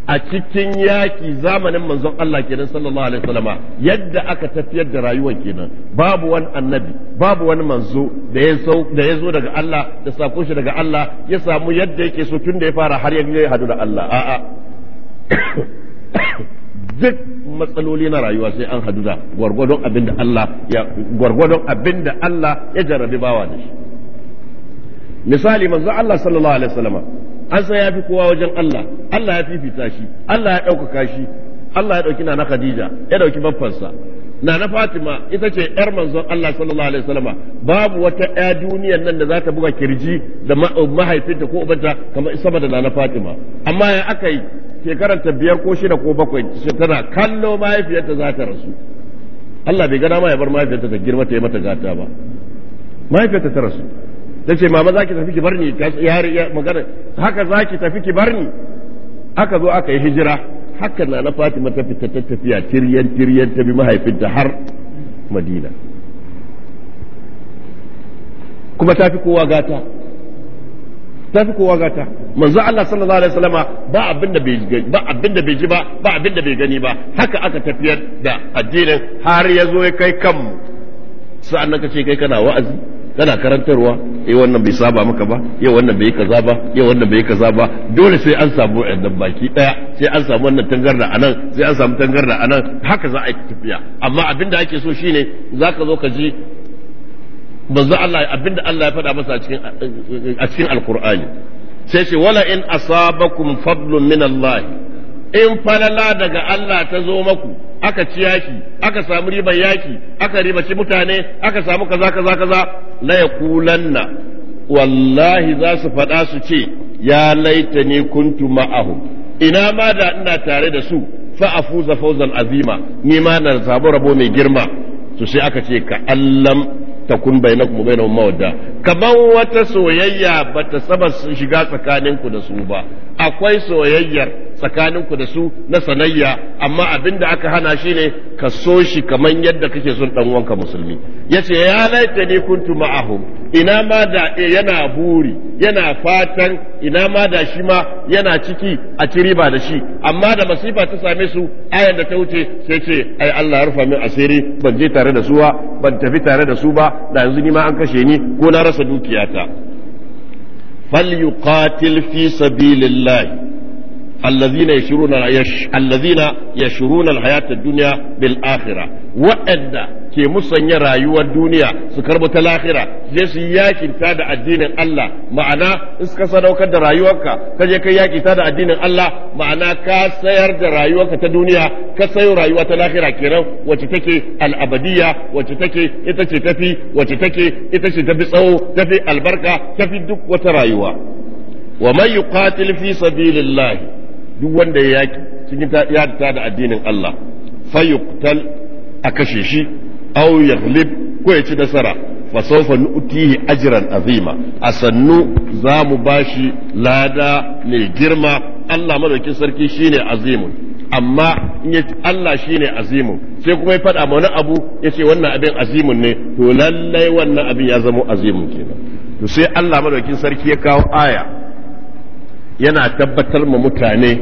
a cikin yaki zamanin manzon Allah kenan sallallahu alaihi wasallama yadda aka tafiyar da rayuwar kenan babu wani annabi babu wani manzo da ya zo da ya zo daga Allah da sako shi daga Allah ya samu yadda yake so tun da ya fara har ya hadu da Allah a'a duk matsaloli na rayuwa sai an hadu da gwargwadon abin da Allah ya gwargwadon abin Allah ya jarrabi bawa da shi misali manzo Allah sallallahu alaihi wasallama an san ya fi kowa wajen Allah Allah ya fifita shi Allah ya ɗaukaka shi Allah ya ɗauki na Khadija ya ɗauki babbansa na na Fatima ita ce ‘yar manzon Allah sallallahu Alaihi wasallama babu wata ‘ya duniyar nan da za ta buga kirji da mahaifinta ko ubanta kamar sama da na na Fatima amma ya aka yi shekarar ta biyar ko shida ko bakwai tana kallo mahaifiyarta za ta rasu Allah bai gana ma ya bar mahaifiyarta ta girma ta yi mata gata ba mahaifiyarta ta rasu ta ce mama za ki tafi ki bar ni magana haka za ki tafi ki bar ni aka zo aka yi hijira haka na na fatima ta fita ta tafiya tiryan tiryan ta bi mahaifinta har madina kuma ta fi kowa gata ta fi kowa gata manzo Allah sallallahu alaihi wasallama ba abin da bai ba abin da bai ji ba ba abin da bai gani ba haka aka tafiyar da addinin har ya zo ya kai kanmu sa'annan ka ce kai kana wa'azi kana karantarwa eh wannan bai saba maka ba yau wannan bai kaza ba yau wannan bai kaza ba dole sai an samu ɗan baki ɗaya sai an samu wannan tangarda a nan sai an samu tangarda a nan haka za a yi tafiya amma abin da ake so shine za ka zo ka ji manzo Allah abin da Allah ya faɗa masa a cikin alqur'ani sai ce wala in asabakum fadlun min Allah in falala daga Allah ta zo maku aka ci yaki aka samu ribar yaki aka ribaci mutane aka samu kaza kaza kaza la yaqulanna wallahi za su faɗa su ce ya laita ne kuntu ma'ahum ina ma da ina tare da su fa afuza fawzan azima ni ma na samu rabo mai girma to sai aka ce ka allam takun bainakum kuma bainahum mawadda kaman wata soyayya ba ta saba shiga tsakaninku da su ba akwai soyayyar tsakaninku da su na sanayya amma abin da aka hana shi ne ka so shi kaman yadda kake son dan wanka musulmi yace ya laita ni kuntu ma'ahum ina ma da eh, yana buri yana fatan ina ma da shi ma yana ciki a ci riba da shi amma da masifa ta same su a'yan da ta wuce sai ce ai Allah ya rufa min asiri ban je tare da su ba ban tafi tare da su ba da yanzu ni ma an kashe ni ko na rasa dukiyata falyuqatil fi sabilillahi allazina yashuruna allazina yashuruna alhayata dunya bil akhirah waɗanda ke musanya rayuwar duniya su karbo ta lahira je su yakinta da addinin Allah ma'ana in sadaukar da rayuwarka ka je kai ta da addinin Allah ma'ana ka sayar da rayuwarka ta duniya ka sayo rayuwa ta lahira kenan wacce take al'abadiyya wacce take ita ce tafi wacce take ita ce tafi tsawo tafi albarka tafi duk wata rayuwa wa man yuqatil fi sabilillahi duk wanda ya yaki cikin ya da addinin Allah fayuqtal a kashe shi aw yaghlib ko ya ci nasara fa sawfa nu'tihi ajran azima asannu sannu za mu bashi lada mai girma Allah madaukin sarki shine azimun amma in ya Allah shine azimun sai kuma ya faɗa ma wani abu ya ce wannan abin azimun ne to lallai wannan abin ya zama azimun kenan to sai Allah madaukin sarki ya kawo aya yana tabbatar ma mutane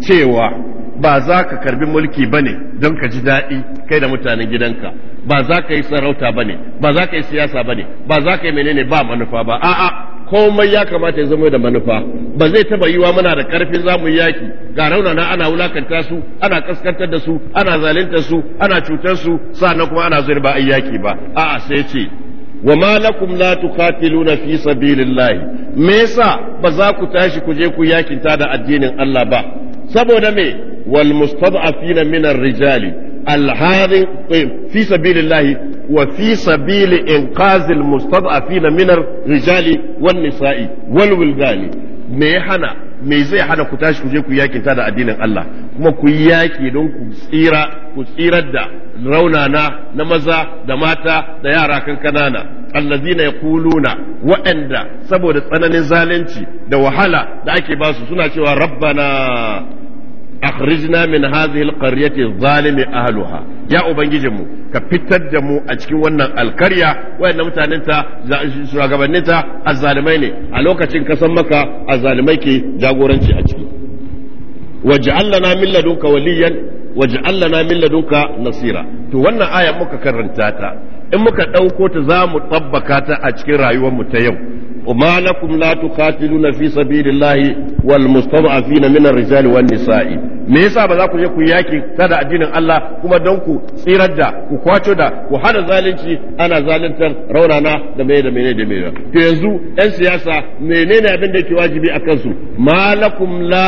cewa ba za ka karbi mulki ba ne don ka ji daɗi kai da mutanen gidanka ba za ka yi sarauta ba ne ba za ka yi siyasa ba ne ba za ka yi menene ba manufa ba a'a komai ya kamata ya zama da manufa ba zai taba yiwa muna da karfin zamu yaki ga raunana ana wulakanta su ana kaskantar da su ana zalunta su ana cutar su sannan kuma ana zurba ayyaki ba a'a sai ce wa ma lakum na tuqatiluna fi sabilillahi me yasa ba za ku tashi ku je ku yakinta da addinin Allah ba saboda me wal mustad'afina min ar-rijali alhari eh, fi sabilillahi wa fi sabili inqazil mustad'afina min ar-rijali wan nisa'i wal wildani me hana me zai hana ku tashi ku je ku yakin ta da addinin Allah kuma ku yi yaki don ku tsira ku tsirar da raunana na maza da mata da yara kan kanana allazina yaquluna waɗanda saboda tsananin zalunci da wahala da ake basu suna cewa rabbana akhrijna min hadhihi alqaryati zalimi ahluha ya ubangijinmu ka fitar da mu a cikin wannan alkarya wayannan mutanen ta shugabannin ta azzalimai ne a lokacin kasan maka azzalimai ke jagoranci a ciki waj'al lana min ladunka waliyan waj'al lana min ladunka nasira to wannan aya muka karanta ta in muka ɗauko ta za mu tabbaka ta a cikin rayuwarmu ta yau وما لكم لا تقاتلون في سبيل الله والمستضعفين من الرجال rijali wan nisa'i me yasa ba za ku je ku yaki kada addinin Allah kuma don ku tsirar da ku kwato da ku hada zalunci ana zaluntar raunana da mai da mene da mene to yanzu yan siyasa menene abin da yake wajibi akan su malakum la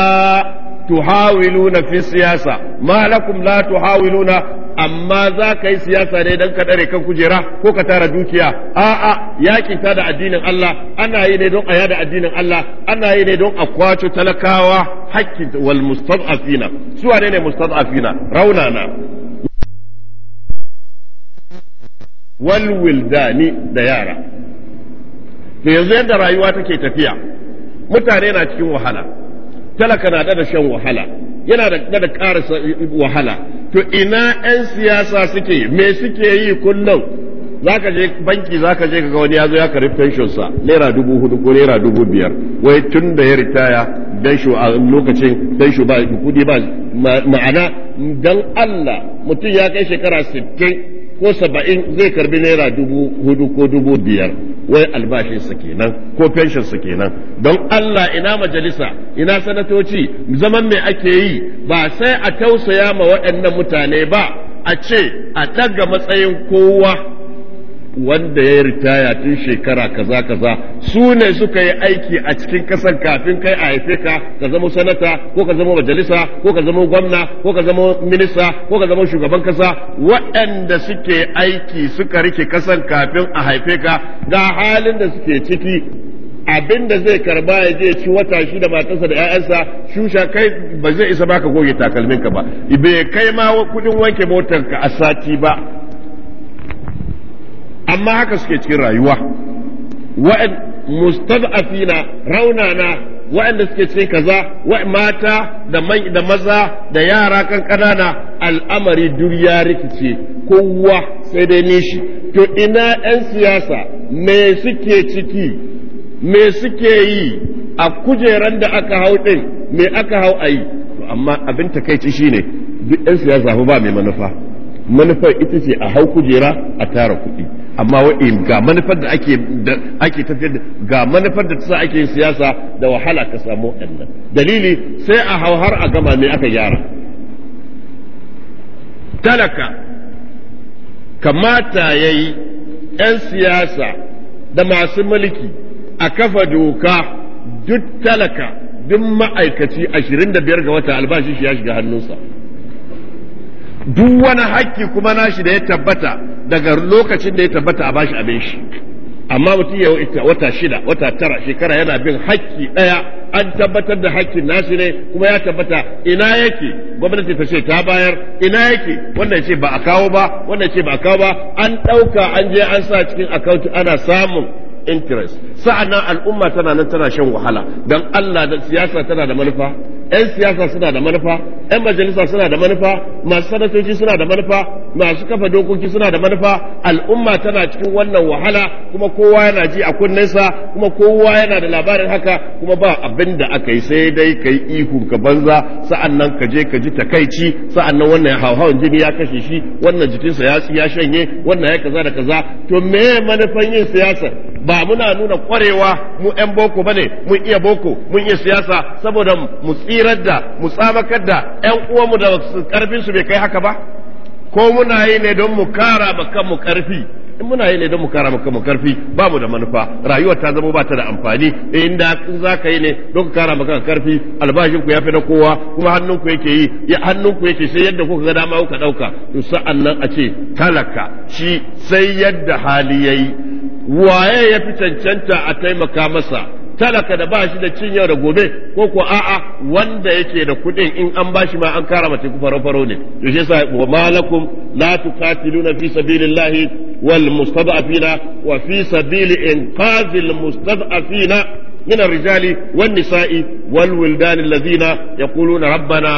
tuhawiluna fi siyasa ma lakum la tuhawiluna amma za ka yi siyasa ne don ka ɗare kan kujera ko ka tara dukiya a'a yaƙi ta da addinin Allah ana yi ne don a yada addinin Allah ana yi ne don a kwaco talakawa hakkin wal mustad'afina su wane ne mustad'afina raunana wal wildani da yara to yanzu yadda rayuwa take tafiya mutane na cikin wahala talaka na da shan wahala yana da da karasa wahala to ina 'yan siyasa suke me suke yi kullum zaka je banki zaka je kaga wani ya zo ya karbi pension sa naira dubu hudu ko naira dubu biyar wai tun da ya ritaya dan shu a lokacin dan shu ba kudi ba ma'ana dan Allah mutum ya kai shekara sittin ko saba'in zai karbi naira dubu hudu ko dubu biyar wai albashinsa kenan ko fenshinsa kenan don Allah ina majalisa ina sanatoci zaman mai ake yi ba sai a tausaya ma waɗannan mutane ba a ce a ɗaga matsayin kowa wanda ya ritaya tun shekara kaza kaza su ne suka yi aiki a cikin kasar kafin kai a haife ka ka zama sanata ko ka zama majalisa ko ka zama gwamna ko ka zama minista ko ka zama shugaban kasa waɗanda suke aiki suka rike kasar kafin a haife ka ga halin da suke ciki abin da zai karba ya je ci wata shi da matarsa da 'ya'yansa shusha kai ba zai isa baka goge takalminka ba bai kai ma kudin wanke motarka a sati ba amma haka suke cikin rayuwa wa'an mustad'afina raunana wa'anda suke cikin kaza wa mata da da maza da yara kan kanana al'amari duk ya rikice kowa sai dai nishi to ina 'yan siyasa me suke ciki me suke yi a kujeran da aka hau din me aka hau ayi to amma abin takaici shine duk 'yan siyasa ba mai manufa manufar ita ce a hau kujera a tara kuɗi amma wa'in ga manufar da ake ake tafiyar da ga manufar da ta sa ake siyasa da wahala ka samu waɗannan dalili sai a hau a gama ne aka gyara talaka kamata ya yi 'yan siyasa da masu mulki a kafa doka duk talaka duk ma'aikaci 25 ga wata albashi shi ya shiga hannunsa duk wani hakki kuma nashi da ya tabbata daga lokacin da ya tabbata a bashi abin shi amma mutum ya wata shida wata tara shekara yana bin hakki ɗaya an tabbatar da hakkin nashi ne kuma ya tabbata ina yake gwamnati ta ce ta bayar ina yake wanda ce ba a kawo ba wanda ce ba a kawo ba an ɗauka an je an sa cikin account ana samun interest sa'annan al'umma tana nan tana shan wahala dan Allah da siyasa tana da manufa 'yan siyasa suna da manufa 'yan majalisa suna da manufa masu sanatoci suna da manufa masu kafa dokoki suna da manufa al'umma tana cikin wannan wahala kuma kowa yana ji a kunnensa kuma kowa yana da labarin haka kuma ba abin da aka yi sai dai ka yi ihun ka banza sa'an nan ka je ka ji takaici sa'annan nan wannan hauhawan jini ya kashe shi wannan jikinsa ya ya shanye wannan ya kaza da kaza to me manufan yin siyasa ba muna nuna kwarewa mu 'yan boko bane mun iya boko mun iya siyasa saboda mu tsirar da mu tsamakar da 'yan uwanmu da karfin su bai kai haka ba ko muna yi ne don mu kara ma kanmu karfi in muna yi ne don mu kara maka mu karfi ba mu da manufa rayuwar ta zama ba ta da amfani inda in za ka yi ne don ka kara kanka karfi albashin ku ya fi na kowa kuma hannun ku yake yi ya hannun ku yake sai yadda kuka ga dama kuka dauka to sa'annan nan a ce talaka shi sai yadda hali yayi waye ya fi cancanta a taimaka masa talaka da ba shi da cin yau da gobe ko ko a'a wanda yake da kuɗin in an ba shi ma an kara mace ku faro faro ne to shi yasa wa malakum la tuqatiluna fi sabilillahi wal mustad'afina wa fi sabili inqazil mustad'afina من الرجال والنساء والولدان الذين يقولون ربنا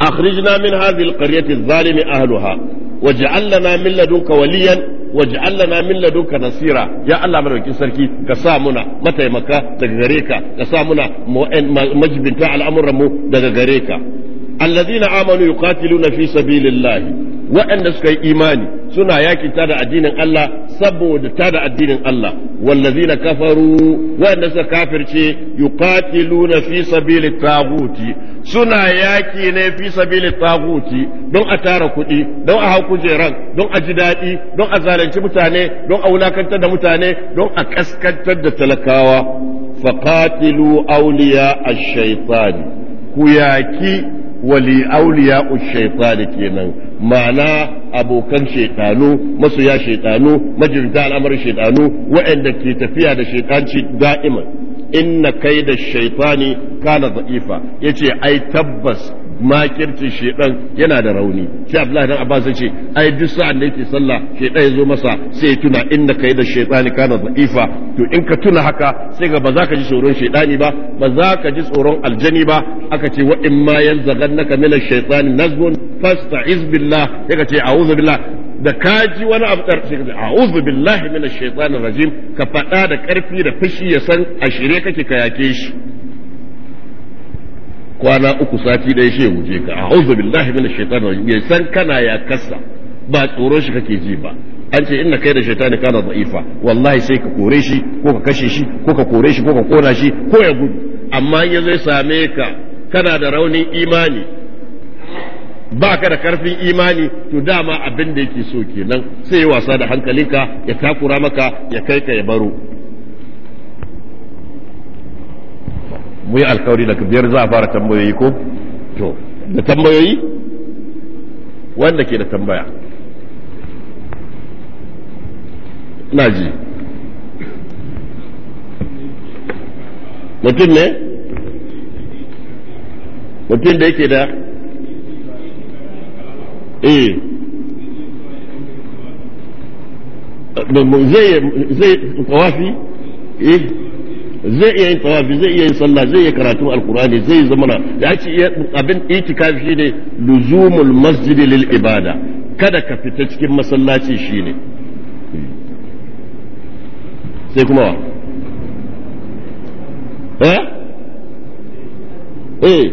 أخرجنا من هذه القرية الظالم أهلها waj'al lana min ladunka waliyan waj'al lana min ladunka nasira ya Allah madaukin sarki ka sa muna mataimaka daga gare ka ka sa muna majibinta al'amuran mu daga gare ka alladhina amanu yuqatiluna fi sabilillahi waɗanda suka yi imani suna yakin tada addinin Allah saboda tada addinin Allah wallazi na kafaru waɗanda suka kafirce yuqatiluna fi sabili taguti suna yaki ne fi sabili taguti don a tara kuɗi don a hau kujeran don a ji daɗi don a zalunci mutane don a wulakantar da mutane don a kaskantar da talakawa faqatilu awliya ash-shaytan ku yaki wali awliya ash-shaytan kenan ma'ana abokan shaitanu masoya shaitanu majirinta al'amar shaitanu waɗanda ke tafiya da shaitanci da'iman inna kai da shaitani kana za'ifa yace ai tabbas makircin shedan yana da rauni sai Abdullahi dan Abbas ce ai duk sa'an da yake sallah shedan ya zo masa sai ya tuna inda kai da shaytani kana da'ifa to in ka tuna haka sai ga ba za ka ji tsoron shedani ba ba za ka ji tsoron aljani ba aka ce wa in ma yanzaghannaka min ash-shaytani nazgun fasta'iz billah sai ka ce a'udhu billah da ji wani abu ɗar sai ka a'udhu billahi minash shaitanir rajim ka faɗa da ƙarfi da fushi ya san a shirye kake ka yake shi kwana uku sati da ya guje ka a hauzu billahi min shaitan ya san kana ya kasa ba tsoron shi kake ji ba an ce inna kai da shaitani kana da'ifa wallahi sai ka kore shi ko ka kashe shi ko ka kore shi ko ka kona shi ko ya gudu amma in ya zai same ka kana da raunin imani ba ka da karfin imani to dama abin da yake so kenan sai ya wasa da hankalinka ya takura maka ya kai ka ya baro mu yi alkawari daga biyar za a fara tambayoyi ko to da tambayoyi wanda ke da tambaya na ji mutum ne mutum da yake da eh zai zai kawafi eh zai iya yin tawafi zai iya yin sallah zai iya karatu alkurani zai zama na ya ce abin itikafi shine luzumul masjidi lil ibada kada ka fita cikin masallaci shine sai kuma wa eh eh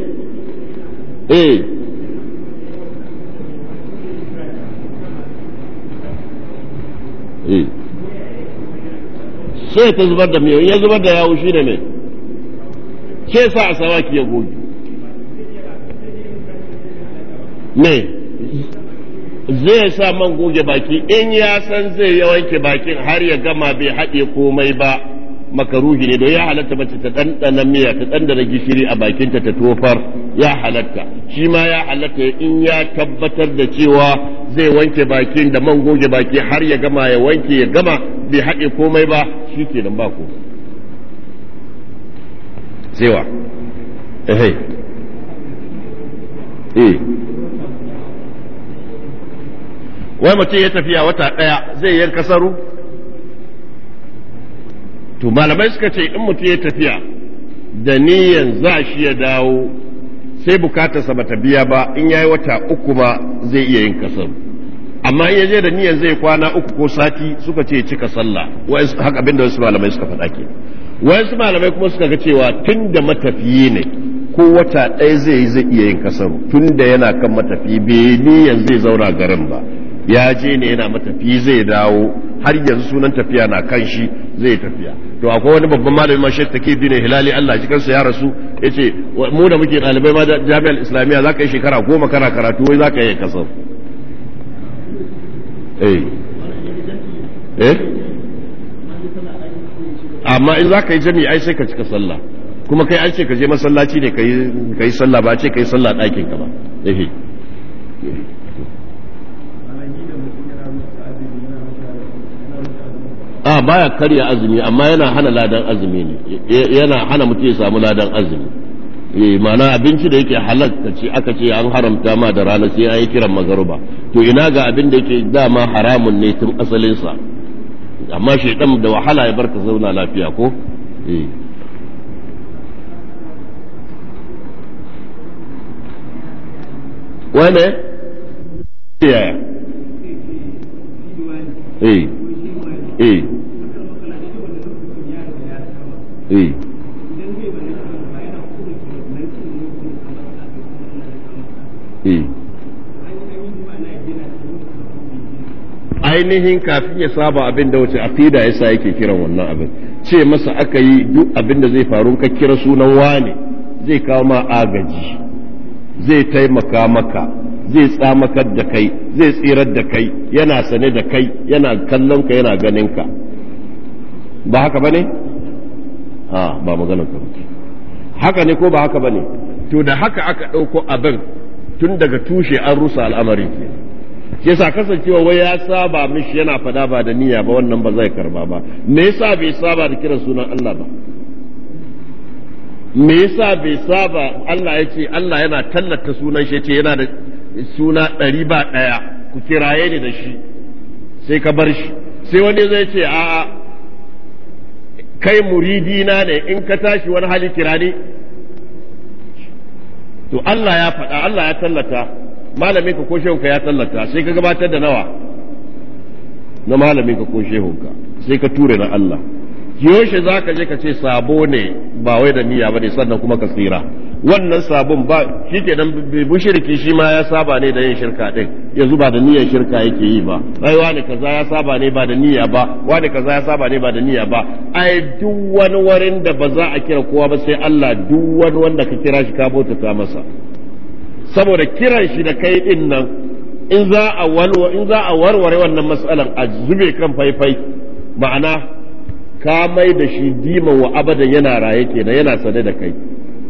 eh sai ta zubar da miyau ya zubar da yawo shi da mai ke sa a sawaki ya goge ne zai sa man goge baki in ya san zai ya wanke bakin har ya gama bai haɗe komai ba makaruhi ne don ya halatta mace ta ɗanɗana miya ta ɗanɗana gishiri a bakinta ta tofar ya halatta shi ma ya halatta in ya tabbatar da cewa zai wanke bakin da man goge baki har ya gama ya wanke ya gama bai haɗe komai ba shi nan ba ko cewa eh, eh eh wai mace ya tafiya wata ɗaya zai yanka kasaru? to malamai suka ce in mutum ya tafiya da niyan za shi ya dawo sai bukatarsa bata biya ba in yayi wata uku ba zai iya yin kasaru amma ya je da niyan zai kwana uku ko sati suka ce cika sallah wai haka abinda wasu malamai suka faɗa ke wasu malamai kuma suka ga cewa tun da matafiye ne ko wata ɗaya zai yi zai iya yin kasar tun da yana kan matafi bai niyan zai zauna garin ba ya je ne yana matafi zai dawo har yanzu sunan tafiya na kan shi zai tafiya to akwai wani babban malami ma shek take dine hilali Allah shi kansa ya rasu ce mu da muke ɗalibai ma jami'ar islamiyya zaka yi shekara goma kana karatu wai zaka yi kasar. eh eh amma in za ka yi jami'a ai sai ka cika sallah kuma kai an ce ka je masallaci ne ka yi sallah ba ce ka yi sallah ɗakin ka ba eh a baya karya azumi amma yana hana ladan azumi ne yana hana mutum ya samu ladan azumi Eh, ma'ana abinci da yake halal ta ce aka ce an haramta ma da rana sai an yi kiran magaruba to ina ga abin da yake dama haramun ne tun asalinsa amma shaidan da wahala ya barka zauna lafiya ko eh. wane eh eh eh ainihin kafin ya saba abin da wuce aqida yasa yake kiran wannan abin ce masa aka yi duk abin da zai faru ka kira sunan wane zai kawo ma agaji zai taimaka maka zai tsamakar da kai zai tsirar da kai yana sane da kai yana kallon ka yana ganin ka ba haka bane a ba maganar ka haka ne ko ba haka bane to da haka aka ɗauko abin tun daga tushe an rusa al'amari ke yasa kasancewa wai ya saba mishi yana fada ba da niyya ba wannan ba zai karba ba me yasa bai saba da kiran sunan Allah ba me yasa bai saba Allah ya ce Allah yana tallata sunan shi ce yana da suna ɗari ba ɗaya ku kiraye ni da shi sai ka bar shi sai wani zai ce a'a kai muridina ne in ka tashi wani hali kira ne to Allah ya faɗa Allah ya tallata Malaminka ko shehunka ya tallata sai ka gabatar da nawa na malaminka ko shehunka sai ka ture na Allah yoshe za ka je ka ce sabo ne ba wai da niyya ba ne sannan kuma ka tsira wannan sabon ba shi ke nan bushirki shi ma ya saba ne da yin shirka ɗin yanzu ba da niyya shirka yake yi ba ai wani kaza ya saba ne ba da niyya ba wani kaza ya saba ne ba da niyya ba ai duk wani wurin da ba za a kira kowa ba sai Allah duk wani wanda ka kira shi ka bauta masa saboda kiran shi da kai din nan in za a walwa in za a warware wannan mas'alan a zube kan faifai ma'ana ka mai da shi diman wa abadan yana raye kenan yana sane da kai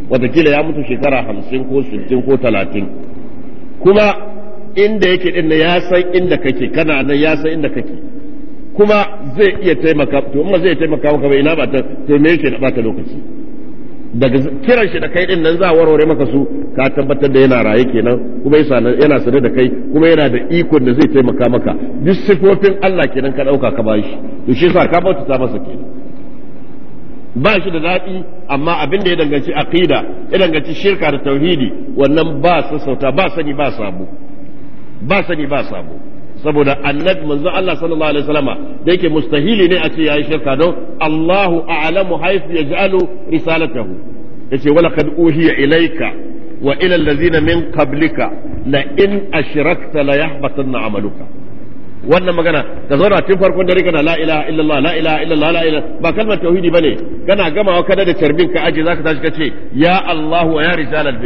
Wataƙila ya mutu shekara hamsin ko sittin ko talatin kuma inda yake din ya san inda kake kana nan ya san inda kake kuma zai iya taimaka to in zai taimaka maka bai ina ba ta to me yake da bata lokaci daga kiran shi da kai din nan za a warware maka su ka tabbatar da yana raye kenan kuma yana sane da kai kuma yana da ikon da zai taimaka maka duk sifofin Allah kenan ka dauka ka bashi to shi yasa ka bauta masa kenan ba shi da daɗi amma abin da ya danganci aqida ya danganci shirka da tauhidi wannan ba sassauta ba sani ba sabo ba sani ba sabo saboda annabi manzo Allah sallallahu alaihi wasallama da yake mustahili ne a ce yayi shirka don Allahu a'lamu haythu yaj'alu risalatahu yace wala kad uhiya ilayka wa ila allazina min qablika la in ashrakta la yahbatanna amaluka wannan magana ka zauna tun farkon dare kana la ilaha illallah la ilaha illallah la ilaha ba kalmar tauhidi bane kana gamawa kada da carbin ka aje zaka tashi kace ya Allahu! wa ya rijal al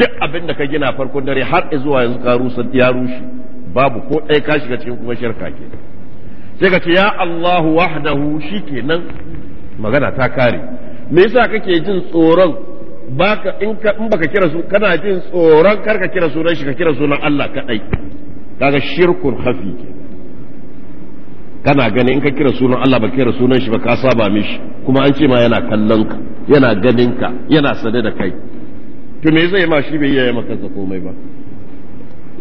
duk abin da ka gina farkon dare har zuwa yanzu ka rusa ya rushe babu ko ɗaya ka shiga cikin kuma shirka ke sai ka ce ya Allahu wahdahu shikenan magana ta kare me yasa kake jin tsoron baka in ka in baka kira su kana jin tsoron kar ka kira sunan shi ka kira sunan Allah kadai kaga shirkun hafi ke kana gani in ka kira sunan Allah ba kira sunan shi ba ka saba mishi kuma an ce ma yana kallon ka yana ganin ka yana sade da kai to me zai ma shi bai iya maka komai ba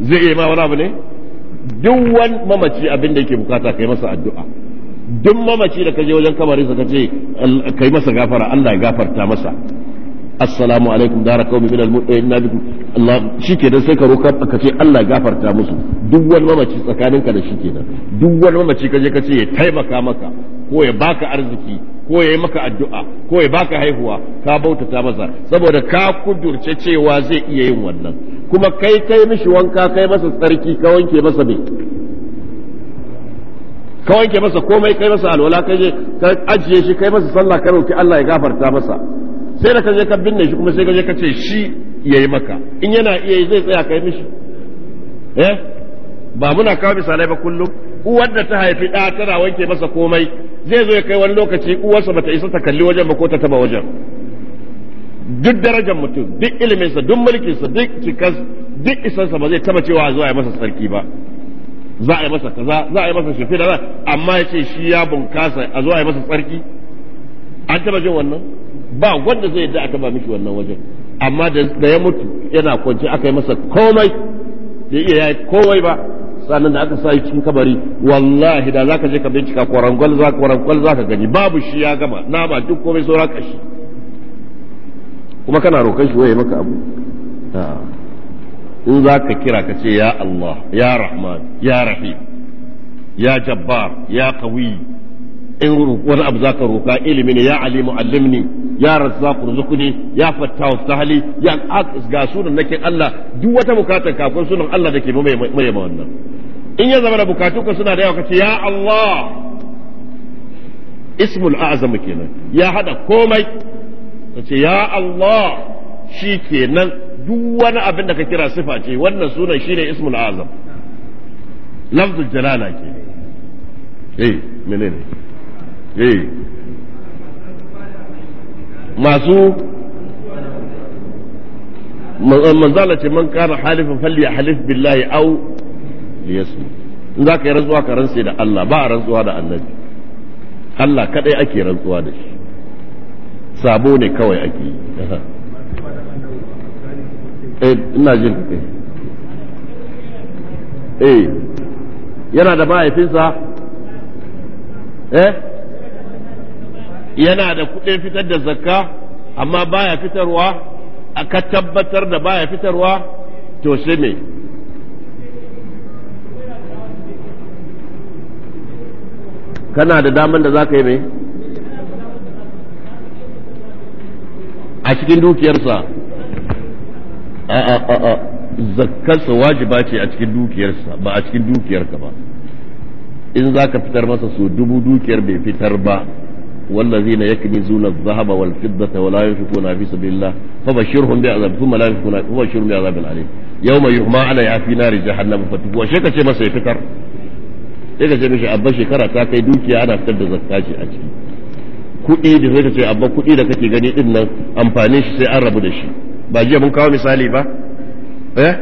zai iya ma wani abu ne duk wani mamaci abin da yake bukata kai masa addu'a duk mamaci da kaje wajen kamarinsa sa kace kai masa gafara Allah ya gafarta masa assalamu alaikum dara qaumi min almu'minina bikum Allah dan sai ka roka ka ce Allah gafarta musu duk wani mamaci tsakanin ka da shikenan duk wani mamaci kaje kace ya taimaka maka ko ya baka arziki ko ya yi maka addu'a ko ya baka haihuwa ka bautata masa saboda ka kudurce cewa zai iya yin wannan kuma kai kai mishi wanka kai masa tsarki ka wanke masa me. ka wanke masa komai kai masa alwala kai je ka ajiye shi kai masa sallah ka roki Allah ya gafarta masa sai da ka je ka binne shi kuma sai ka je ka ce shi yayi maka in yana iya zai tsaya kai mishi eh ba muna kawo misalai ba kullum uwar da ta haifi ɗa tana wanke masa komai zai zo ya kai wani lokaci uwarsa bata isa ta kalli wajen ba ko ta taba wajen duk darajar mutum duk iliminsa duk mulkinsa duk cikas duk isansa ba zai taba cewa zuwa ya masa sarki ba za a yi masa kaza za a yi masa shafi da amma ya ce shi ya bunkasa a zuwa ya masa sarki an taba jin wannan ba wanda zai yadda a taba mishi wannan wajen amma da ya mutu yana kwance aka yi masa komai da iya yayi komai ba sannan da aka sa shi cikin kabari wallahi da zaka je ka bincika kwarangwal za ka gani babu shi ya gama na ba duk komai saura kashi kuma kana roƙon shi waye maka abu in za ka kira ka ce ya Allah ya Rahman ya Rahim ya Jabbar ya Qawi in wani abu za ka roƙa ilimi ne ya Ali mu'allimni ya Razzaq ruzukuni ya Fattahu sahali ya ga sunan nake Allah duk wata bukatar kafin sunan Allah dake mai mai wannan in ya zama da bukatunka suna da yawa ka ce ya Allah ismul a'zam kenan ya hada komai ce ya Allah shi kenan duk wani abin da ka kira sifa ce wannan sunan shi ne ismul azam lafzul jalala ke eh menene eh masu manzala ce man kana halifin falli ya halif billahi au liyasmu in za ka yi rantsuwa ka rantse da Allah ba a rantsuwa da annabi Allah kadai ake rantsuwa da shi sabo ne kawai ake yi eh, ina jin eh. eh yana da mahaifinsa eh yana da kuɗin fitar da zakka amma baya fitarwa aka tabbatar da baya fitarwa to shi me kana da daman da za ka yi mai a cikin dukiyarsa a wajiba ce a cikin dukiyarsa ba a cikin dukiyarka ba in za ka fitar masa su dubu dukiyar bai fitar ba wallazi na yake ne zuna fidda ta wala yin shuku na fi fa bashir hun bai azabi kuma lafi kuna fa bashir hun bai azabi alai yau mai yuhma ala ya fi nari jahannama fa tuku washe ka ce masa ya fitar sai ka ce mishi abba shekara ta kai dukiya ana fitar da zakka ce a ciki kuɗi da zai ce abba kuɗi da kake gani din nan amfanin shi sai an rabu da shi ba jiya mun kawo misali ba eh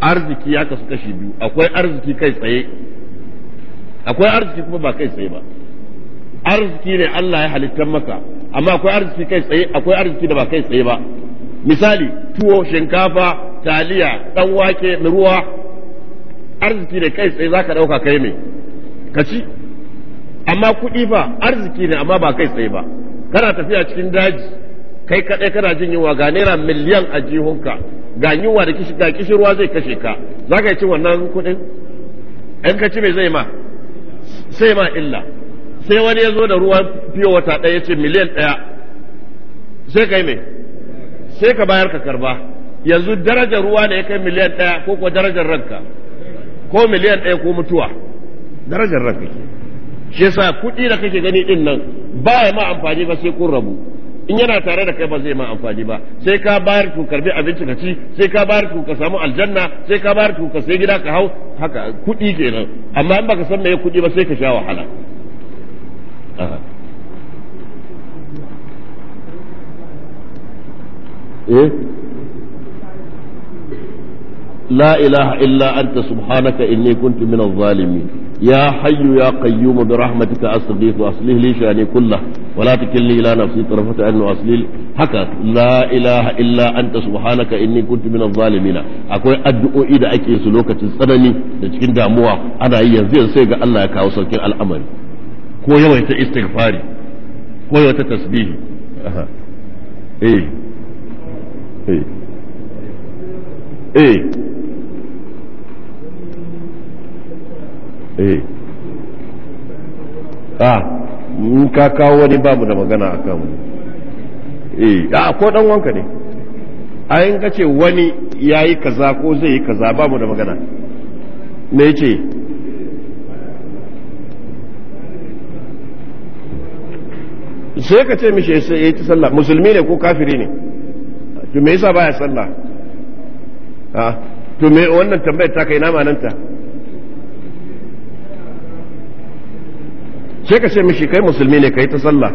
arziki ya kasu kashi biyu akwai arziki kai tsaye akwai arziki kuma ba kai tsaye ba arziki ne Allah ya halittar maka amma akwai arziki kai tsaye akwai arziki da ba kai tsaye ba misali tuwo shinkafa taliya dan wake ruwa arziki ne kai tsaye zaka dauka kai ne ka ci amma kuɗi fa arziki ne amma ba kai tsaye ba kana tafiya cikin daji kai kaɗai kana jin yunwa ga naira miliyan a jihunka ga yunwa da ga kishirwa zai kashe ka za ka ci wannan kuɗin in ka ci mai zai ma sai ma illa sai wani ya zo da ruwan fiye wata ɗaya ya ce miliyan ɗaya sai kai mai sai ka bayar ka karba yanzu darajar ruwa ne ya kai miliyan ɗaya ko kuwa darajar ranka ko miliyan ɗaya ko mutuwa darajar ranka ke shi yasa kuɗi da kake gani din nan ba ya ma amfani ba sai kun rabu in yana tare da kai ba zai ma amfani ba sai ka bayar ku karbi abinci ka ci sai ka bayar ku ka samu aljanna sai ka bayar ku ka sai gida ka hau haka kuɗi kenan amma in baka san me kuɗi ba sai ka sha wahala eh la ilaha illa anta subhanaka inni kuntu minaz zalimin يا حي يا قيوم برحمتك أستغيث وأصلح لي شأني كله ولا تكلني إلى نفسي طرفة عين وأصلح حكا لا إله إلا أنت سبحانك إني كنت من الظالمين أقول أدعو إذا أكي سلوكة السنني لتكين داموا أنا ينزل سيغا الله يكاو سلكين الأمر كو يويت استغفاري كو يويت تسبيح أه. إيه إيه إيه eh ah in ka kawo wani babu da magana a kan eh a ah, ko dan wanka ne a yin ka ce wani ya yi kaza ko zai yi kaza babu da magana me ce sai ka ce mishi sai ya ta sallah musulmi ne ko kafiri ne to me yasa baya sallah ah to me wannan tambayar ta kai na mananta ta sai ka ce mishi kai musulmi ne yi ta sallah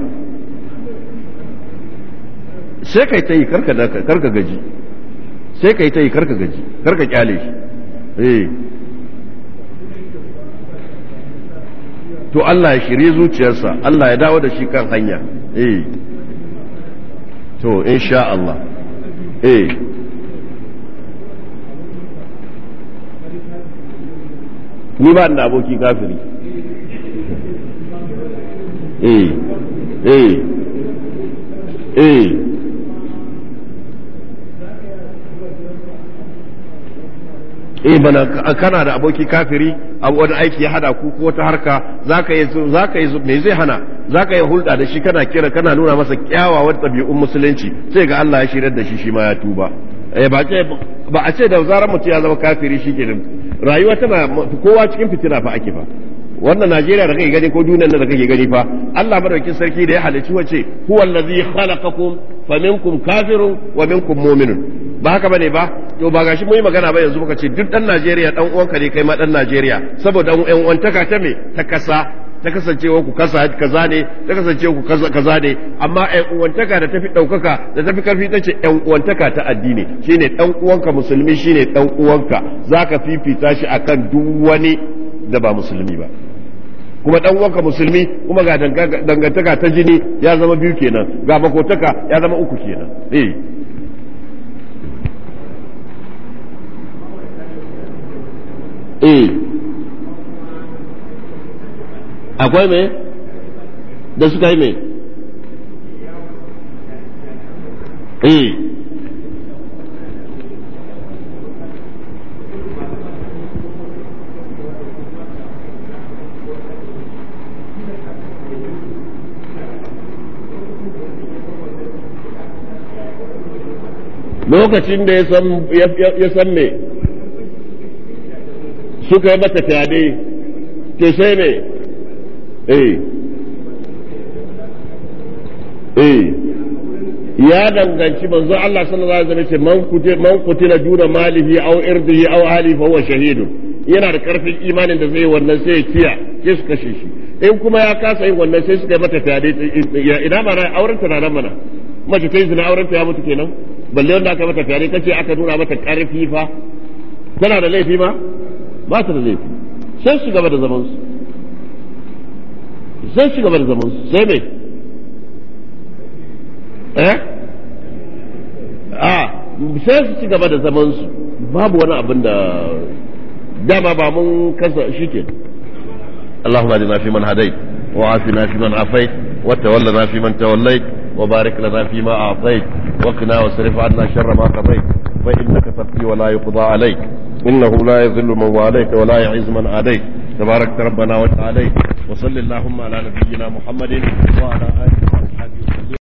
sai yi ta yi karka gaji sai yi ta yi karka gaji karka kyale shi eh to Allah ya shirye zuciyarsa Allah ya dawo da shi kan hanya eh to insha Allah eh ni ba da aboki kafiri eh eh eh eh kana da aboki kafiri abu wani aiki ya hada ku ko ta harka zaka yi zaka yi me zai hana zaka yi hulɗa da shi kana kira kana nuna masa kyawawan ɗabi'un musulunci sai ga Allah ya shirar da shi shi ma ya tuba eh ba ce ba a ce da zarar mutum ya zama kafiri shi kenan rayuwa tana kowa cikin fitina fa ake fa wannan Najeriya da kake gani ko duniyar da kake gani fa Allah madaukakin sarki da ya halicci wace huwa allazi khalaqakum faminkum kafirun wa minkum mu'minun ba haka bane ba to ba gashi mun yi magana ba yanzu muka ce duk dan Najeriya dan uwanka ne kai ma dan Najeriya saboda ɗan uwantaka ta me ta kasa ta kasancewa ku kasa kaza ne ta kasancewa ku kaza ne amma ƴan uwantaka da tafi ɗaukaka da tafi karfi ta ce ƴan uwantaka ta addini shine ɗan uwanka musulmi shine ɗan uwanka zaka fifita shi akan duk wani da ba musulmi ba kuma dan uwanka musulmi kuma ga dangantaka ta jini ya zama biyu kenan ga makotaka ya zama uku kenan eh eh akwai me da suka yi me eh lokacin da ya san me suka yi mata fyaɗe ke sai ne eh, eh ya danganci manzo Allah sallallahu alaihi wasallam ce man kute man na duna malihi aw irdihi aw ahli fa huwa shahidun yana da karfin imanin da zai wannan sai ya ciya ke su kashe shi in kuma ya kasa yin wannan sai suka yi mata fyaɗe ina ma auren ta na mana mace ta yi zina auren ta ya mutu kenan balle wanda aka mata fyaɗe kace aka nuna mata ƙarfi fa tana da laifi ma ba ta da laifi sai su gaba da zaman su sai su gaba da zaman su sai me eh a sai su ci gaba da zaman su babu wani abin da dama ba mun kasa shike اللهم اهدنا فيمن هديت وعافنا فيمن عافيت وتولنا فيمن توليت وبارك لنا فيما اعطيت وقنا وصرف عنا شر ما قضيت فإنك تبقي ولا يقضى عليك إنه لا يذل من واليك ولا يعز من عليك تبارك ربنا وتعالى وصل اللهم على نبينا محمد وعلى آله